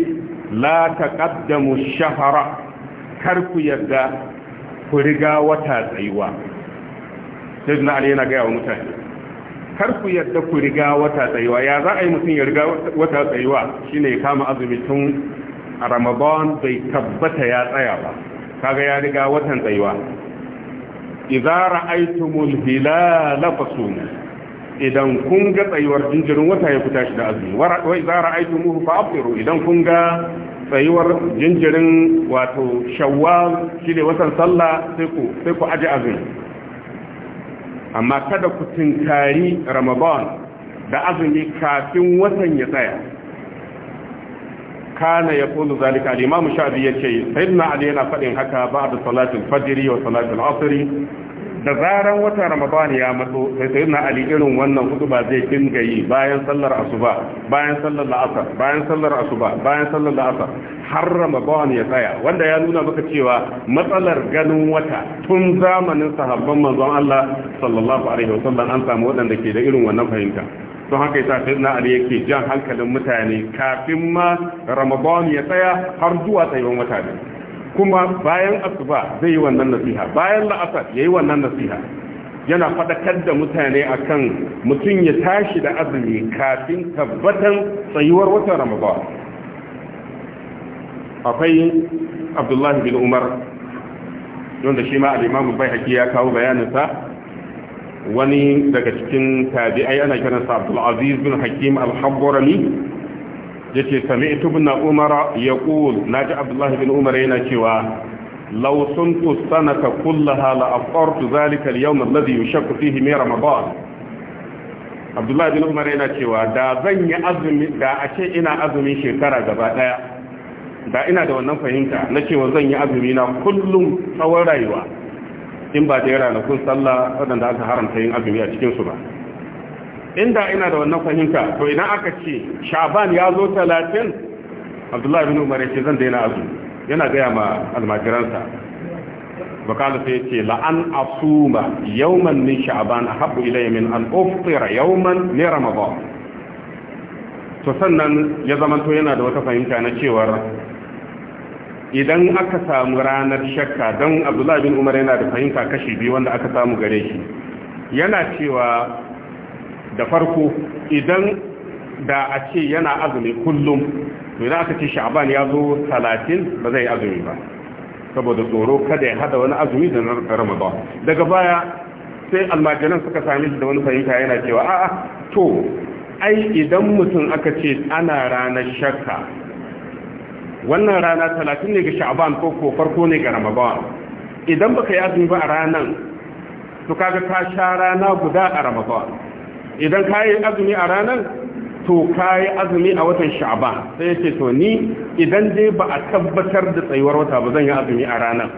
la ƙaddamu shahara kar ku yarda ku riga wata tsayuwa sai zina ali yana gaya wa mutane kar ku yarda ku riga wata tsayuwa ya za a yi mutum ya riga wata tsayuwa shi ya kama azumi tun a ramadan bai tabbata ya tsaya ba kaga ya riga watan tsayuwa idara aitumul hilala fasumu idan kun ga tsayuwar jinjirin wata ya fita shi da azumi wa idza ra'aytumuhu fa idan kun ga tsayuwar jinjirin wato shawwal ne watan sallah sai ku sai aje azumi amma kada ku tinkari ramadan da azumi kafin watan ya tsaya kana ya yaqulu zalika al-imam shafi yace sayyidina ali yana fadin haka ba'da salatul fajr wa salatul asr da zaran wata ramadan ya matso sai sai na ali irin wannan hudu ba zai dinga yi bayan sallar asuba bayan sallar la'asar bayan sallar asuba bayan sallar la'asar har ramadan ya tsaya wanda ya nuna maka cewa matsalar ganin wata tun zamanin sahabban manzon Allah sallallahu alaihi wasallam an samu wadanda ke da irin wannan fahimta to haka yasa sai na ali yake jan hankalin mutane kafin ma ramadan ya tsaya har zuwa tsayin wata ne kuma bayan asuba zai yi wannan nasiha bayan la'asar ya yi wannan nasiha yana faɗakar da mutane akan mutum ya tashi da azumi kafin tabbatan tsayuwar watan ramadan akwai abdullahi bin umar wanda shi ma al'imamu bai haƙi ya kawo bayaninsa wani daga cikin tabi'ai ana kiransa abdulaziz bin hakim al-habbarani yace sami'tu ibn umara na ji abdullahi bin umar yana cewa law suntu sanata kullaha la afqartu zalika al-yawm alladhi yushaqqu fihi min ramadan abdullahi bin umar yana cewa da zan yi azumi da a ce ina azumin shekara gaba daya da ina da wannan fahimta na cewa zan yi azumi na kullum tsawon rayuwa in ba da ranakun sallah waɗanda aka haramta yin azumi a cikin su ba inda ina da wannan fahimta to idan aka ce shaban ya zo talatin abdullahi bin umar ce zan daina azu yana gaya ma almajiransa bakala sai ce la'an asuma yawman min sha'ban ahabbu ilayya min an uftira yawman li ramadan to sannan ya zamanto yana da wata fahimta na cewar idan aka samu ranar shakka don abdullahi bin umar yana da fahimta kashi biyu wanda aka samu gare shi yana cewa da farko idan da a ce yana azumi kullum to idan aka ce sha'ban ya zo talatin ba zai azumi ba saboda tsoro kada ya hada wani azumi da ramadan daga baya sai almajiran suka sami da wani fahimta yana cewa a'a to ai idan mutum aka ce ana ranar shakka wannan rana talatin ne ga sha'ban ko ko farko ne ga ramadan idan baka yi azumi ba a ranan to kaga ka sha rana guda a ramadan idan ka yi azumi a ranar to ka yi azumi a watan Sha'aba sai ya ce to ni idan dai ba a tabbatar da tsayuwar wata ba zan yi azumi a ranar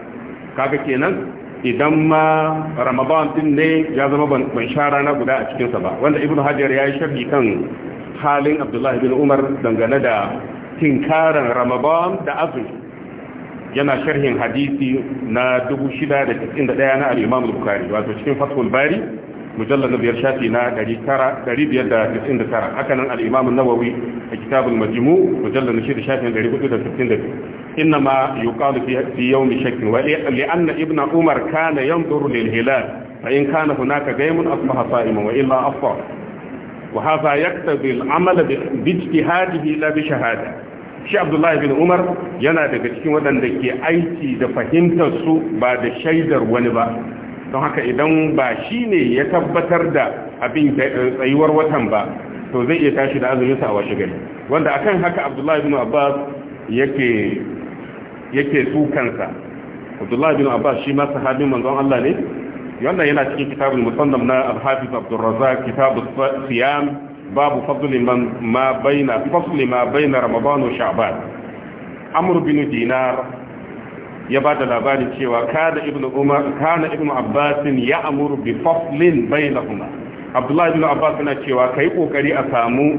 kaga kenan idan ma ramadan din ne ya zama ban sha rana guda a cikinsa ba wanda ibn hajar ya yi sharhi kan halin abdullahi bin umar dangane da tinkaran ramadan da azumi yana sharhin hadisi na 691 na al-imam bukhari wato cikin fathul bari mujallar na biyar shafi na 599 haka nan al'imamu nawawi a kitabul majimu mujallar na shida shafi na 462 inna ma yi ƙalu fi yau mi shakin wa li'anna ibn umar kana yan duru lil hilal fa in kana hunaka gaimun asbaha sa'iman wa illa afwa wa hadha yaktabi al-amal bi ijtihadihi la bi shahada shi abdullahi bin umar yana daga cikin waɗanda ke aiki da fahimtar su ba da shaidar wani ba don haka idan ba shi ne ya tabbatar da abin eh, tsayuwar watan ba to zai iya tashi da azuminsa a washe gari wanda akan haka abdullahi ibn abbas yake yake abdullahi ibn abbas shi ma sahabin manzon Allah ne wannan yana cikin kitabul musannam na Alhafi hafiz abdurrazzaq kitabus siyam babu fadli ma ramadan sha'ban dinar ya ba da labarin cewa kana ibn umar kana ibn abbas ya amuru bi faslin bainahuma abdullahi ibn abbas yana cewa kai kokari a samu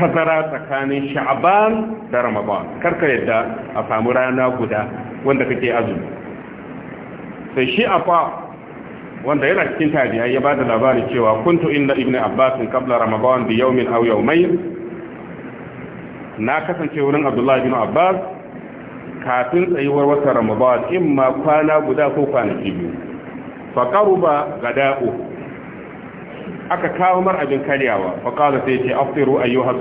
tazara tsakanin sha'ban da ramadan karka yadda a samu rana guda wanda kake azumi sai shi afa wanda yana cikin tabi'a ya ba da labarin cewa kuntu inda ibn abbas qabla ramadan bi yawmin aw yawmayn na kasance wurin abdullahi ibn abbas kafin tsayuwar wata ramadan in ma kwana guda ko kwanaki biyu faƙaru ba ga da'o aka kawo mar abin karyawa faƙaru sai ce afiru ayyuhar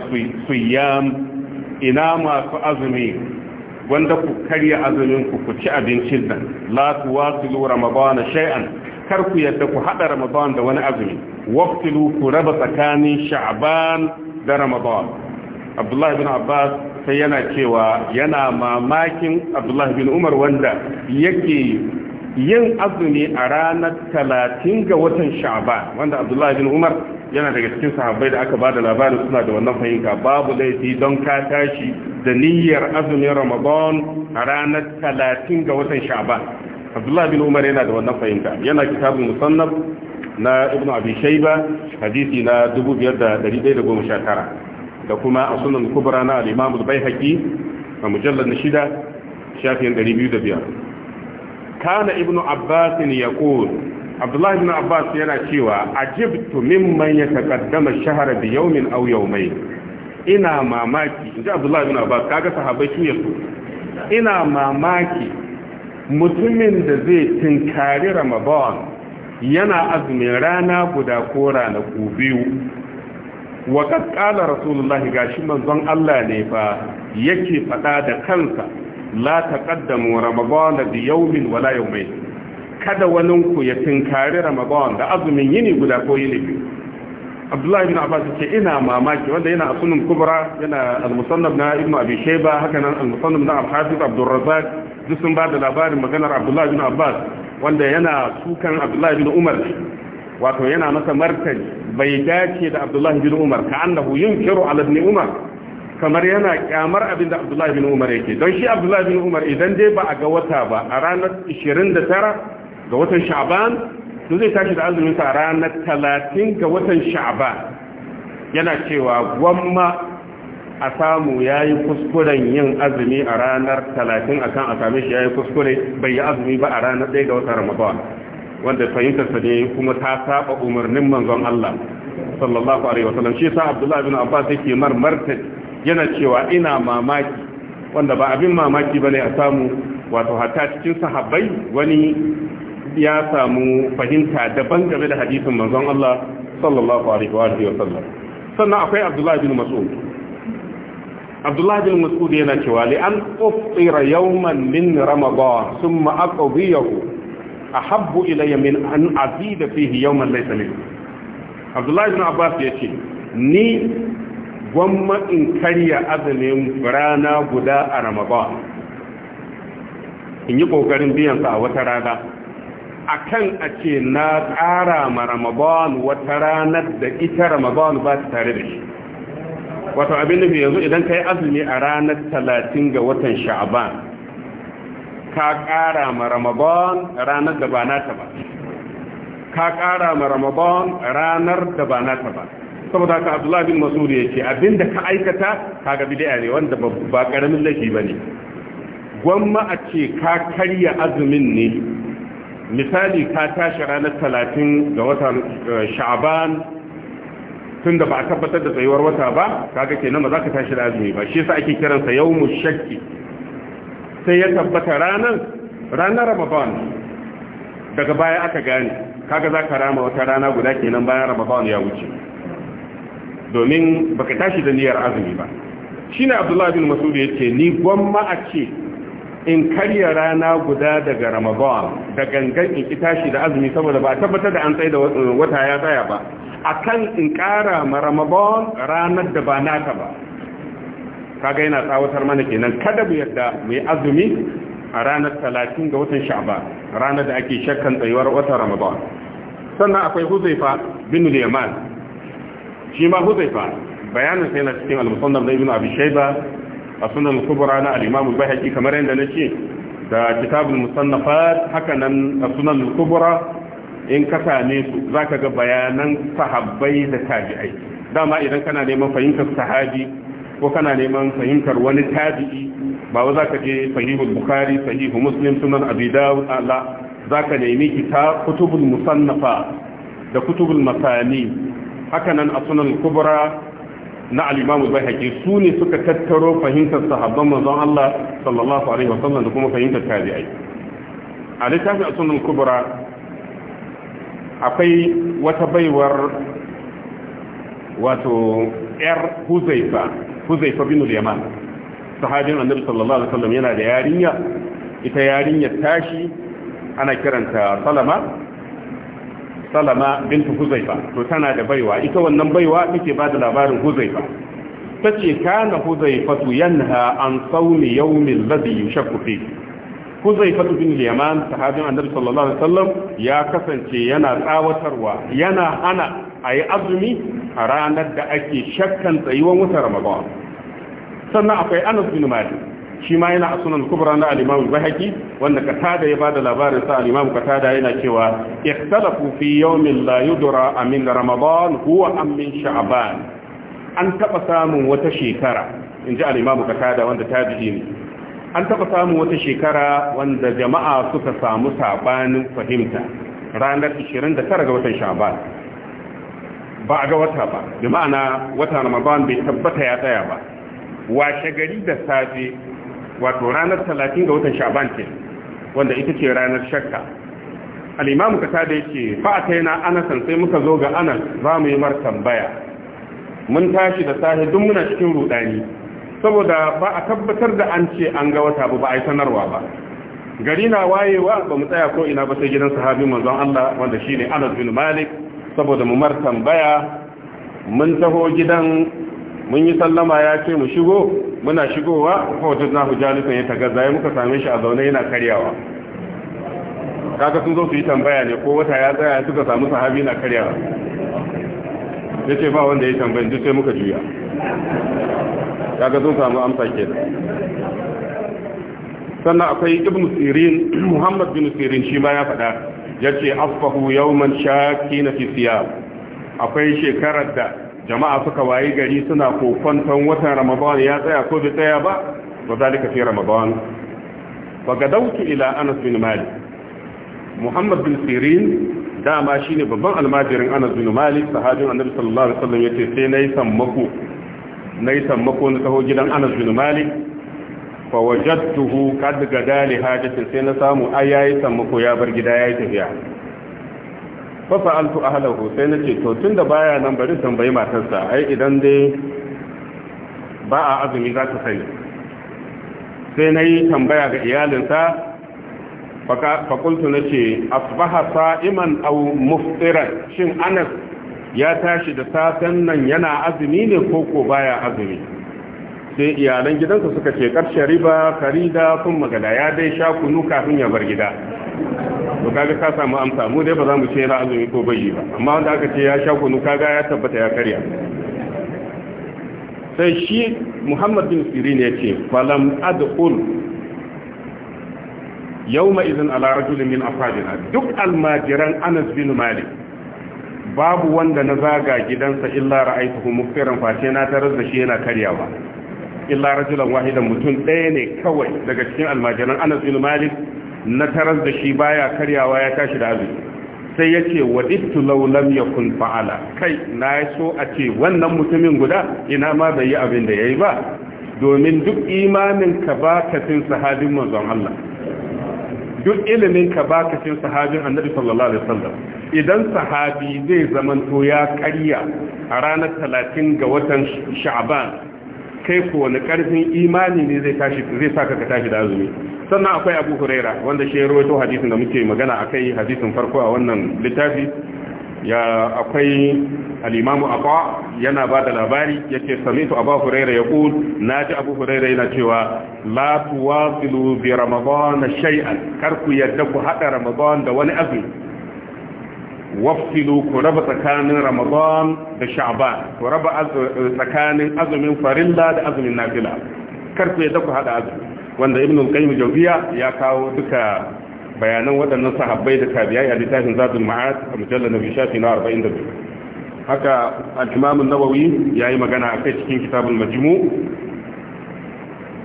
suyam ina masu azumi wanda ku karya azumin ku ku ci abincin nan la tuwasilu ramadan shay'an kar ku yadda ku haɗa ramadan da wani azumi waqtilu ku raba tsakanin sha'ban da ramadan abdullahi bin abbas sai yana cewa yana mamakin abdullahi bin umar wanda yake yin azumi a ranar talatin ga watan sha'ban wanda abdullahi bin umar yana daga cikin sahabbai da aka ba da labarin suna da wannan fahimta babu laifi don ka tashi da niyyar azumin ramadan a ranar talatin ga watan sha'ban abdullahi bin umar yana da wannan fahimta yana kitabun musannaf na ibn abi shayba hadisi na 5119 da kuma a sunan kubra na al-imam al a mujallad na shida shafin 205 kana ibnu abbas ya yaqul abdullahi ibn abbas yana cewa ajibtu mimman yataqaddama shahara bi yawmin aw yawmayn ina mamaki inji abdullahi ibn abbas kaga sahabbai su yaso ina mamaki mutumin da zai tinkari ramadan yana azumin rana guda ko ranaku biyu wa qad qala rasulullahi gashi manzon Allah ne fa yake faɗa da kansa la taqaddamu ramadan bi yawmin wala yawmayn kada wani ku ya tinkari ramadan da azumin yini guda ko yini biyu Abdullahi ibn Abbas ce ina mamaki wanda yana sunan kubra yana al-musannaf na Ibn Abi Shayba haka nan al-musannaf na Al-Hafiz Abdul duk sun ba da labarin maganar Abdullahi ibn Abbas wanda yana sukan Abdullahi ibn Umar wato yana masa martani bai dace da abdullahi bin umar ka annahu yunkiru ala ibn umar kamar yana kyamar abin da abdullahi bin umar yake don shi abdullahi bin umar idan dai ba a ga wata ba a ranar 29 ga watan sha'ban to zai tashi da azumin sa ranar 30 ga watan sha'ban yana cewa gwamma a samu ya yi kuskuren yin azumi a ranar talatin a kan a same shi ya yi kuskure bai yi azumi ba a ranar ɗaya ga watan ramadan wanda fahimtar fahimtarsa ne kuma ta saba umarnin manzon Allah sallallahu alaihi wa sallam. shi sa Abdullah ibn Abbas yake marmarta yana cewa ina mamaki wanda ba abin mamaki bane a samu wato hatta cikin sahabbai wani ya samu fahimta daban game da hadisin manzon Allah sallallahu alaihi wa sallam. sannan akwai Abdullah ibn Mas'ud Abdullah ibn Mas'ud yana cewa li an uftira yawman min Ramadan thumma aqdiyahu ahabbu ilayya min an azida fihi yawman laysa min Abdullahi ibn Abbas yace ni gwamma in karya azumin rana guda a Ramadan in yi kokarin biyan sa a wata rana akan a ce na tsara ma Ramadan wata ranar da ita Ramadan ba ta tare da shi wato abin nufi yanzu idan kai azumi a ranar 30 ga watan Sha'ban ka ƙara ma ramadan ranar da ba nata ba ka ƙara ma ramadan ranar da ba nata ba saboda haka abdullahi bin masudi ya ce abinda ka aikata kaga bid'a ne wanda ba karamin laifi bane gwamma a ce ka karya azumin ne misali ka tashi ranar talatin ga watan eh, sha'aban tun da ba a tabbatar da tsayuwar wata ba kaga kenan ba za ka tashi da azumi ba shi yasa ake kiransa yawmu shakki sai ya tabbata ranar ranar ramadan daga baya aka gane kaga za ka rama wata rana guda kenan bayan ramadan ya wuce domin baka tashi da niyyar azumi ba shine abdullahi bin mas'ud ce ni gwamma a ce in karya rana guda daga ramadan da gangan in ki tashi da azumi saboda ba tabbatar da an tsaye da wata ya tsaya ba akan in kara ma ramadan ranar da ba naka ba kaga yana tsawatar mana kenan kada mu yadda mu yi azumi a ranar talatin ga watan sha'ba ranar da ake shakkan tsayuwar watan ramadan sannan akwai huzaifa bin yaman shi ma huzaifa bayanin sai na cikin al-musannaf na ibn abi shayba a sunan kubra na al-imam al-bayhaqi kamar yadda nace da kitabul musannafat haka nan a sunan kubra in ka same su zaka ga bayanan sahabbai da tabi'ai dama idan kana neman fahimtar sahabi ko kana neman fahimtar wani tabi'i ba wa zaka je sahihul bukhari sahihu muslim sunan abi dawud ala zaka nemi kitab kutubul musannafa da kutubul masani haka nan a sunan kubra na al-imam al-bayhaqi su ne suka tattaro fahimtar sahabban manzon Allah sallallahu alaihi wasallam da kuma fahimtar tabi'i a littafin a sunan kubra akwai wata baiwar wato ‘yar huzaifa huzaifa bin al-yaman sahabin annabi sallallahu alaihi wasallam yana da yarinya ita yarinya tashi ana kiranta salama salama bintu huzaifa to tana da baiwa ita wannan baiwa take da labarin huzaifa tace kana huzaifatu yanha an sawmi yawmin ladhi yushakku fihi Huzaifa bin al-yaman sahabin annabi sallallahu alaihi wasallam ya kasance yana tsawatarwa yana hana a yi azumi a ranar da ake shakkan tsayuwan wata ramadan sannan akwai anas bin malik shi ma yana a sunan kubra na al-imam bahaki wanda katada ya bada labarin sa al-imam katada yana cewa ikhtalafu fi yawmin la yudra amin ramadan huwa am min sha'ban an taba samun wata shekara inji al-imam katada wanda tabi'i ne an taba samun wata shekara wanda jama'a suka samu sabanin fahimta ranar 29 ga watan sha'ban ba a ga wata ba bi ma'ana wata ramadan bai tabbata ya tsaya ba washe gari da safe wato ranar 30 ga watan sha'ban ce wanda ita ce ranar shakka al-imamu katada yake fa ataina anasan sai muka zo ga anas za mu yi martan baya mun tashi da safe duk muna cikin rudani saboda ba a tabbatar da an ce an ga wata ba ba a yi sanarwa ba gari na wayewa ba mu tsaya ko ina ba sai gidan sahabi manzon Allah wanda shine Anas bin Malik saboda mu mar tambaya mun taho gidan mun yi sallama ya ce mu shigo muna shigowa kawai na nufin ya tagazza ya muka same shi a zaune yana karyawa kaka sun zo su yi tambaya ne ko wata ya tsaya suka samu sahabi na karyawa ya ce ba wanda ya tambayin duk sai muka juya kaka sun samu amsa ke da sannan akwai ibn sirin muhammad bin sirin shi ma ya faɗa yace afahu yawman shaki na fisiya akwai shekarar da jama'a suka wayi gari suna kokonton watan ramadan ya tsaya ko bai tsaya ba ba to ka fi ramadan ga gadawtu ila anas bin malik muhammad bin sirin dama shine babban almajirin anas bin malik sahabin annabi sallallahu alaihi wasallam ce sai nayi sammako nayi sammako na taho gidan anas bin malik fawajattuhu kad gadali hajati sai na samu ai yayi sammako ya bar gida yayi tafiya fa fa'altu ahlahu sai na ce to tunda baya nan bari tambayi matarsa ai idan dai ba a azumi za ta sani sai na yi tambaya ga iyalinsa fakultu na ce asbaha sa'iman au muftiran shin anas ya tashi da safen nan yana azumi ne ko ko baya azumi sai iyalan gidansa suka ce ƙarshe riba farida sun magada, ya dai sha kunu kafin ya bar gida to kaga ka samu amsa mu dai ba za mu ce ra azumi ko bayi ba amma wanda aka ce ya sha kunu kaga ya tabbata ya karya sai shi muhammad bin sirin ya ce falam ad'ul yawma idan ala rajulin min afadina duk almajiran anas bin malik babu wanda na zaga gidansa illa ra'aytuhu mufkiran face na tarar da shi yana karyawa illa rajulan wahidan mutum ɗaya ne kawai daga cikin almajiran anas bin malik na taras da shi baya karyawa ya tashi da azumi sai ya ce wa ittu law lam yakun fa'ala kai na so a ce wannan mutumin guda ina ma bai yi abin da yayi ba domin duk imanin ka ba ka tin sahabin manzon Allah duk ilimin ka ba ka tin sahabin annabi sallallahu alaihi wasallam idan sahabi zai zamanto ya karya a ranar 30 ga watan sha'ban kai ko wani karfin imani ne zai tashi zai saka ka tashi da azumi sannan akwai Abu Huraira wanda shi ya rawaito hadisin da muke magana akai hadisin farko a wannan littafi ya akwai al-Imam Aqwa yana ba da labari yace samitu Abu Huraira na naji Abu Huraira yana cewa la tuwasilu bi Ramadan shay'an kar ku yadda ku hada Ramadan da wani azumi waftilu ku raba tsakanin ramadan da sha'ban ku raba tsakanin azumin farilla da azumin nafila kar ku ku hada azumi wanda ibn al-qayyim jawziya ya kawo duka bayanan waɗannan sahabbai da tabi'ai a littafin zadul ma'ad a mujallal nabi shafi na 42 haka al-imam an-nawawi yayi magana akai cikin kitabul majmu'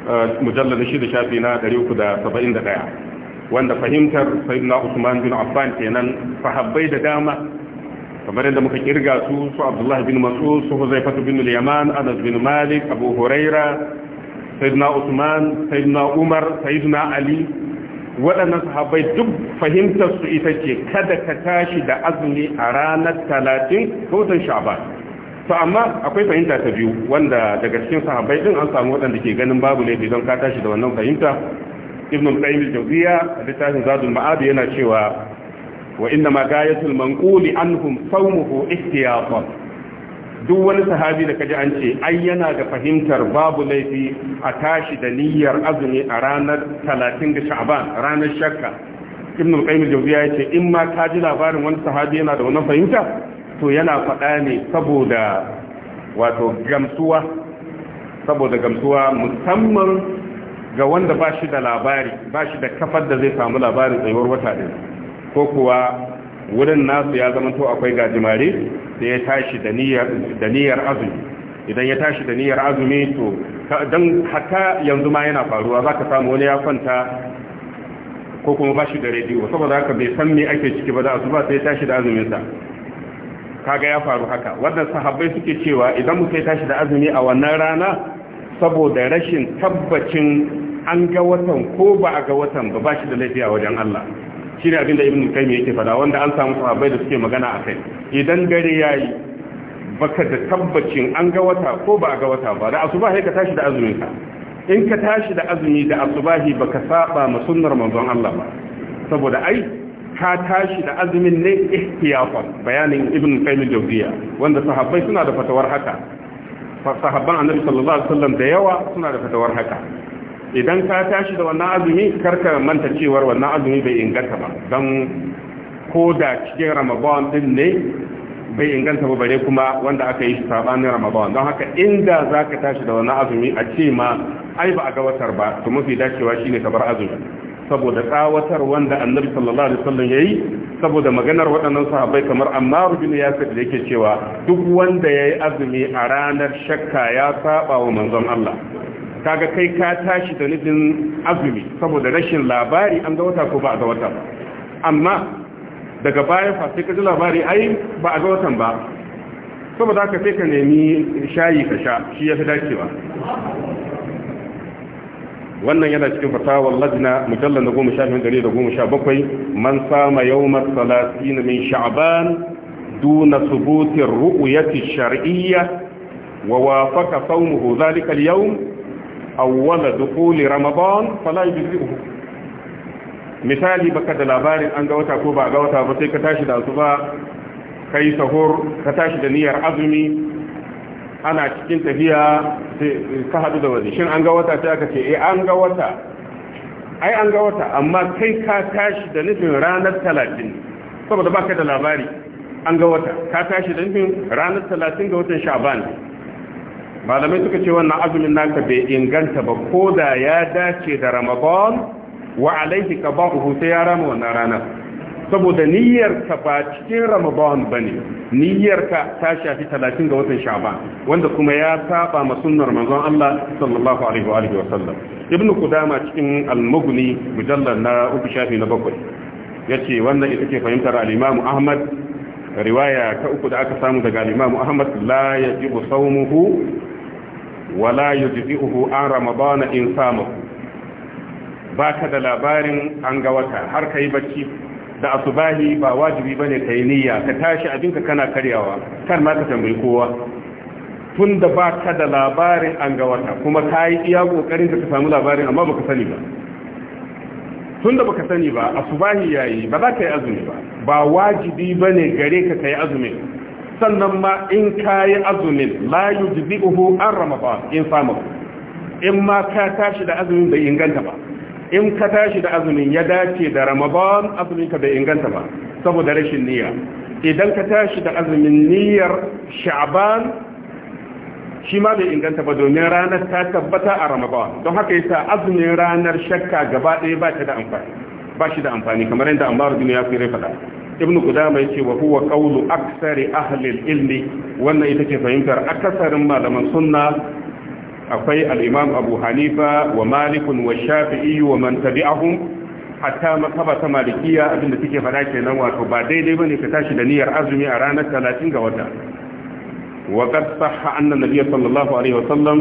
uh, mujallal da shafi na 371 wanda fahimtar sayyidina Usman bin Affan kenan sahabbai da dama kamar yadda muka kirga su su Abdullah bin Mas'ud su Huzaifa bin Yaman Anas bin Malik Abu Huraira sayyidina Usman sayyidina Umar sayyidina Ali waɗannan sahabbai duk fahimtar su ita ce kada ka tashi da azumi a ranar talatin ko watan sha'ban to amma akwai fahimta ta biyu wanda daga cikin sahabbai din an samu waɗanda ke ganin babu laifi don ka tashi da wannan fahimta ibn al-qayyim al-jawziya a littafin zadul ma'ad yana cewa wa inna ma gayatul manquli anhum sawmuhu ihtiyatan duk wani sahabi da kaji an ce ai yana da fahimtar babu laifi a tashi da niyyar azumi a ranar 30 ga sha'ban ranar shakka ibn al-qayyim al-jawziya yace in ma ka ji labarin wani sahabi yana da wannan fahimta to yana faɗa ne saboda wato gamsuwa saboda gamsuwa musamman ga wanda ba shi da labari ba shi da kafar da zai samu labarin tsayuwar wata ɗin ko kuwa wurin nasu ya zama to akwai gajimare da ya tashi da niyyar azumi idan ya tashi da niyyar azumi to don haka yanzu ma yana faruwa za ka samu wani ya kwanta ko kuma ba shi da rediyo saboda haka bai san me ake ciki ba da ba sai ya tashi da azuminsa kaga ya faru haka wannan sahabbai suke cewa idan mutum ya tashi da azumi a wannan rana saboda rashin tabbacin an ga watan ko ba a ga watan ba ba shi da laifiya wajen Allah shi ne abinda ibn kaimi yake fada wanda an samu sahabbai da suke magana a kai idan dare ya yi baka da tabbacin an ga wata ko ba a ga wata ba da asubahi ka tashi da azuminka in ka tashi da azumi da asubahi baka saba ma sunnar manzon Allah ba saboda ai ka tashi da azumin ne ihtiyafan bayanin ibn qayyim jawziya wanda sahabbai suna da fatawar haka sahabban annabi sallallahu alaihi wasallam da yawa suna da fatawar haka idan ka tashi da wannan azumi karka manta cewar wannan azumi bai inganta ba don ko da cikin ramadan din ne bai inganta ba bare kuma wanda aka yi sabanin ramadan don haka inda zaka tashi da wannan azumi a ce ma ai ba a ga watar ba to mafi dacewa shine ka bar azumi saboda kawatar wanda annabi sallallahu alaihi wasallam yayi saboda maganar waɗannan sahabbai kamar Ammar bin Yasir da yake cewa duk wanda yayi azumi a ranar shakka ya saba wa manzon Allah kaga kai ka tashi da nufin azumi saboda rashin labari an ga wata ko ba a ga wata amma daga baya fa sai ka ji labari ai ba a ga watan ba saboda haka sai ka nemi shayi ka sha shi ya fi dacewa wannan yana cikin fatawar ladina mujallar na goma sha biyar da goma sha bakwai man sama yawmar salatin min sha'ban duna subutin ru'uyati shar'iyya wa wafaqa sawmuhu dhalika al awwala dukhuli ramadan fala yujzi'uhu misali baka da labarin an ga wata ko ba ga wata ba sai ka tashi da asuba kai sahur ka tashi da niyyar azumi ana cikin tafiya ka hadu da wani shin an ga wata sai aka ce eh an ga wata ai an ga wata amma kai ka tashi da nufin ranar talatin saboda baka da labari an ga wata ka tashi da nufin ranar talatin ga watan sha'ban malamai suka ce wannan azumin naka bai inganta ba ko da ya dace da ramadan wa alaihi ka ba sai ya rama wannan ranar saboda niyyarka ba cikin ramadan ba ne niyyarka ta shafi 30 ga watan sha'ban wanda kuma ya saba ma manzon Allah sallallahu alaihi wa alihi wasallam ibnu kudama cikin al-mughni mujallal na uku shafi na bakwai yace wannan ita ce fahimtar al-imam ahmad riwaya ta uku da aka samu daga al-imam ahmad la yajibu sawmuhu wa la yujzi'uhu an ramadan in samahu baka da labarin an ga wata har kai bacci da asubahi ba wajibi bane kai niyya ka tashi abinka kana karyawa kan ma ka tambayi kowa tun da ba ka da labarin an ga wata kuma ka yi iya kokarin ka samu labarin amma baka sani ba tun da baka sani ba asubahi yayi ba za ka yi azumi ba ba wajibi bane gare ka kai azumin sannan ma in ka yi azumin la yujzi'uhu an ramadan in samu in ma ka tashi da azumin bai inganta ba in ka tashi da azumin ya dace da ramadan azumin ka bai inganta ba saboda rashin niyya idan ka tashi da azumin niyyar sha'ban shi ma bai inganta ba domin ranar ta tabbata a ramadan don haka yasa azumin ranar shakka gaba ɗaya ba ta da amfani ba shi da amfani kamar yadda Ammar bin Yasir ya faɗa Ibn Qudama yace wa huwa qawlu aksari ahli al-ilmi wannan ita ce fahimtar akasarin malaman sunna akwai al'imam abu hanifa wa malikun wa shafi'i wa man hatta makabata malikiya abinda suke fada kenan wato ba daidai ne ka tashi da niyyar azumi a ranar 30 ga wata wa qad sahha anna sallallahu alaihi wasallam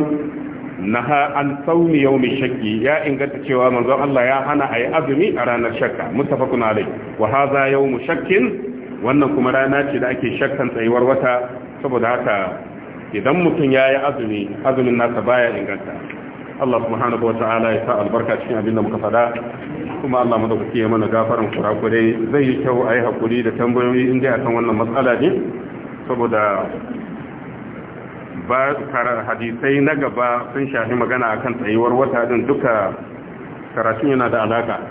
ha an yau mai shakki ya inganta cewa manzon Allah ya hana ayi azumi a ranar shakka muttafaqun alaihi wa yau yawmu shakkin wannan kuma rana ce da ake shakkan tsayuwar wata saboda haka idan mutum ya yi azumi azumin nasa baya inganta Allah subhanahu wata'ala ya sa albarka cikin abin da muka fada kuma Allah madaukaki ya mana gafaran kurakure zai yi kyau a yi haƙuri da tambayoyi in dai akan wannan matsala ne saboda ba hadisai na gaba sun shafi magana akan tsayuwar wata din duka karatun yana da alaka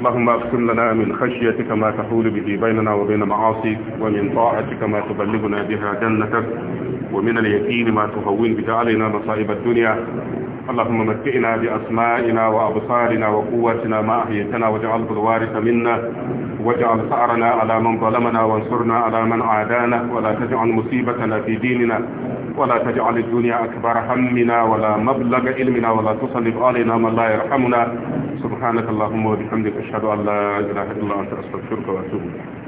اللهم اغفر لنا من خشيتك ما تحول به بيننا وبين معاصيك ومن طاعتك ما تبلغنا بها جنتك ومن اليقين ما تهون به علينا مصائب الدنيا اللهم متئنا بأسمائنا وأبصارنا وقواتنا ما أحيتنا واجعل الوارث منا واجعل ثأرنا على من ظلمنا وانصرنا على من عادانا ولا تجعل مصيبتنا في ديننا ولا تجعل الدنيا أكبر همنا ولا مبلغ علمنا ولا تصلب علينا من لا يرحمنا سبحانك اللهم وبحمدك أشهد أن لا إله إلا أنت أستغفرك وأتوب إليك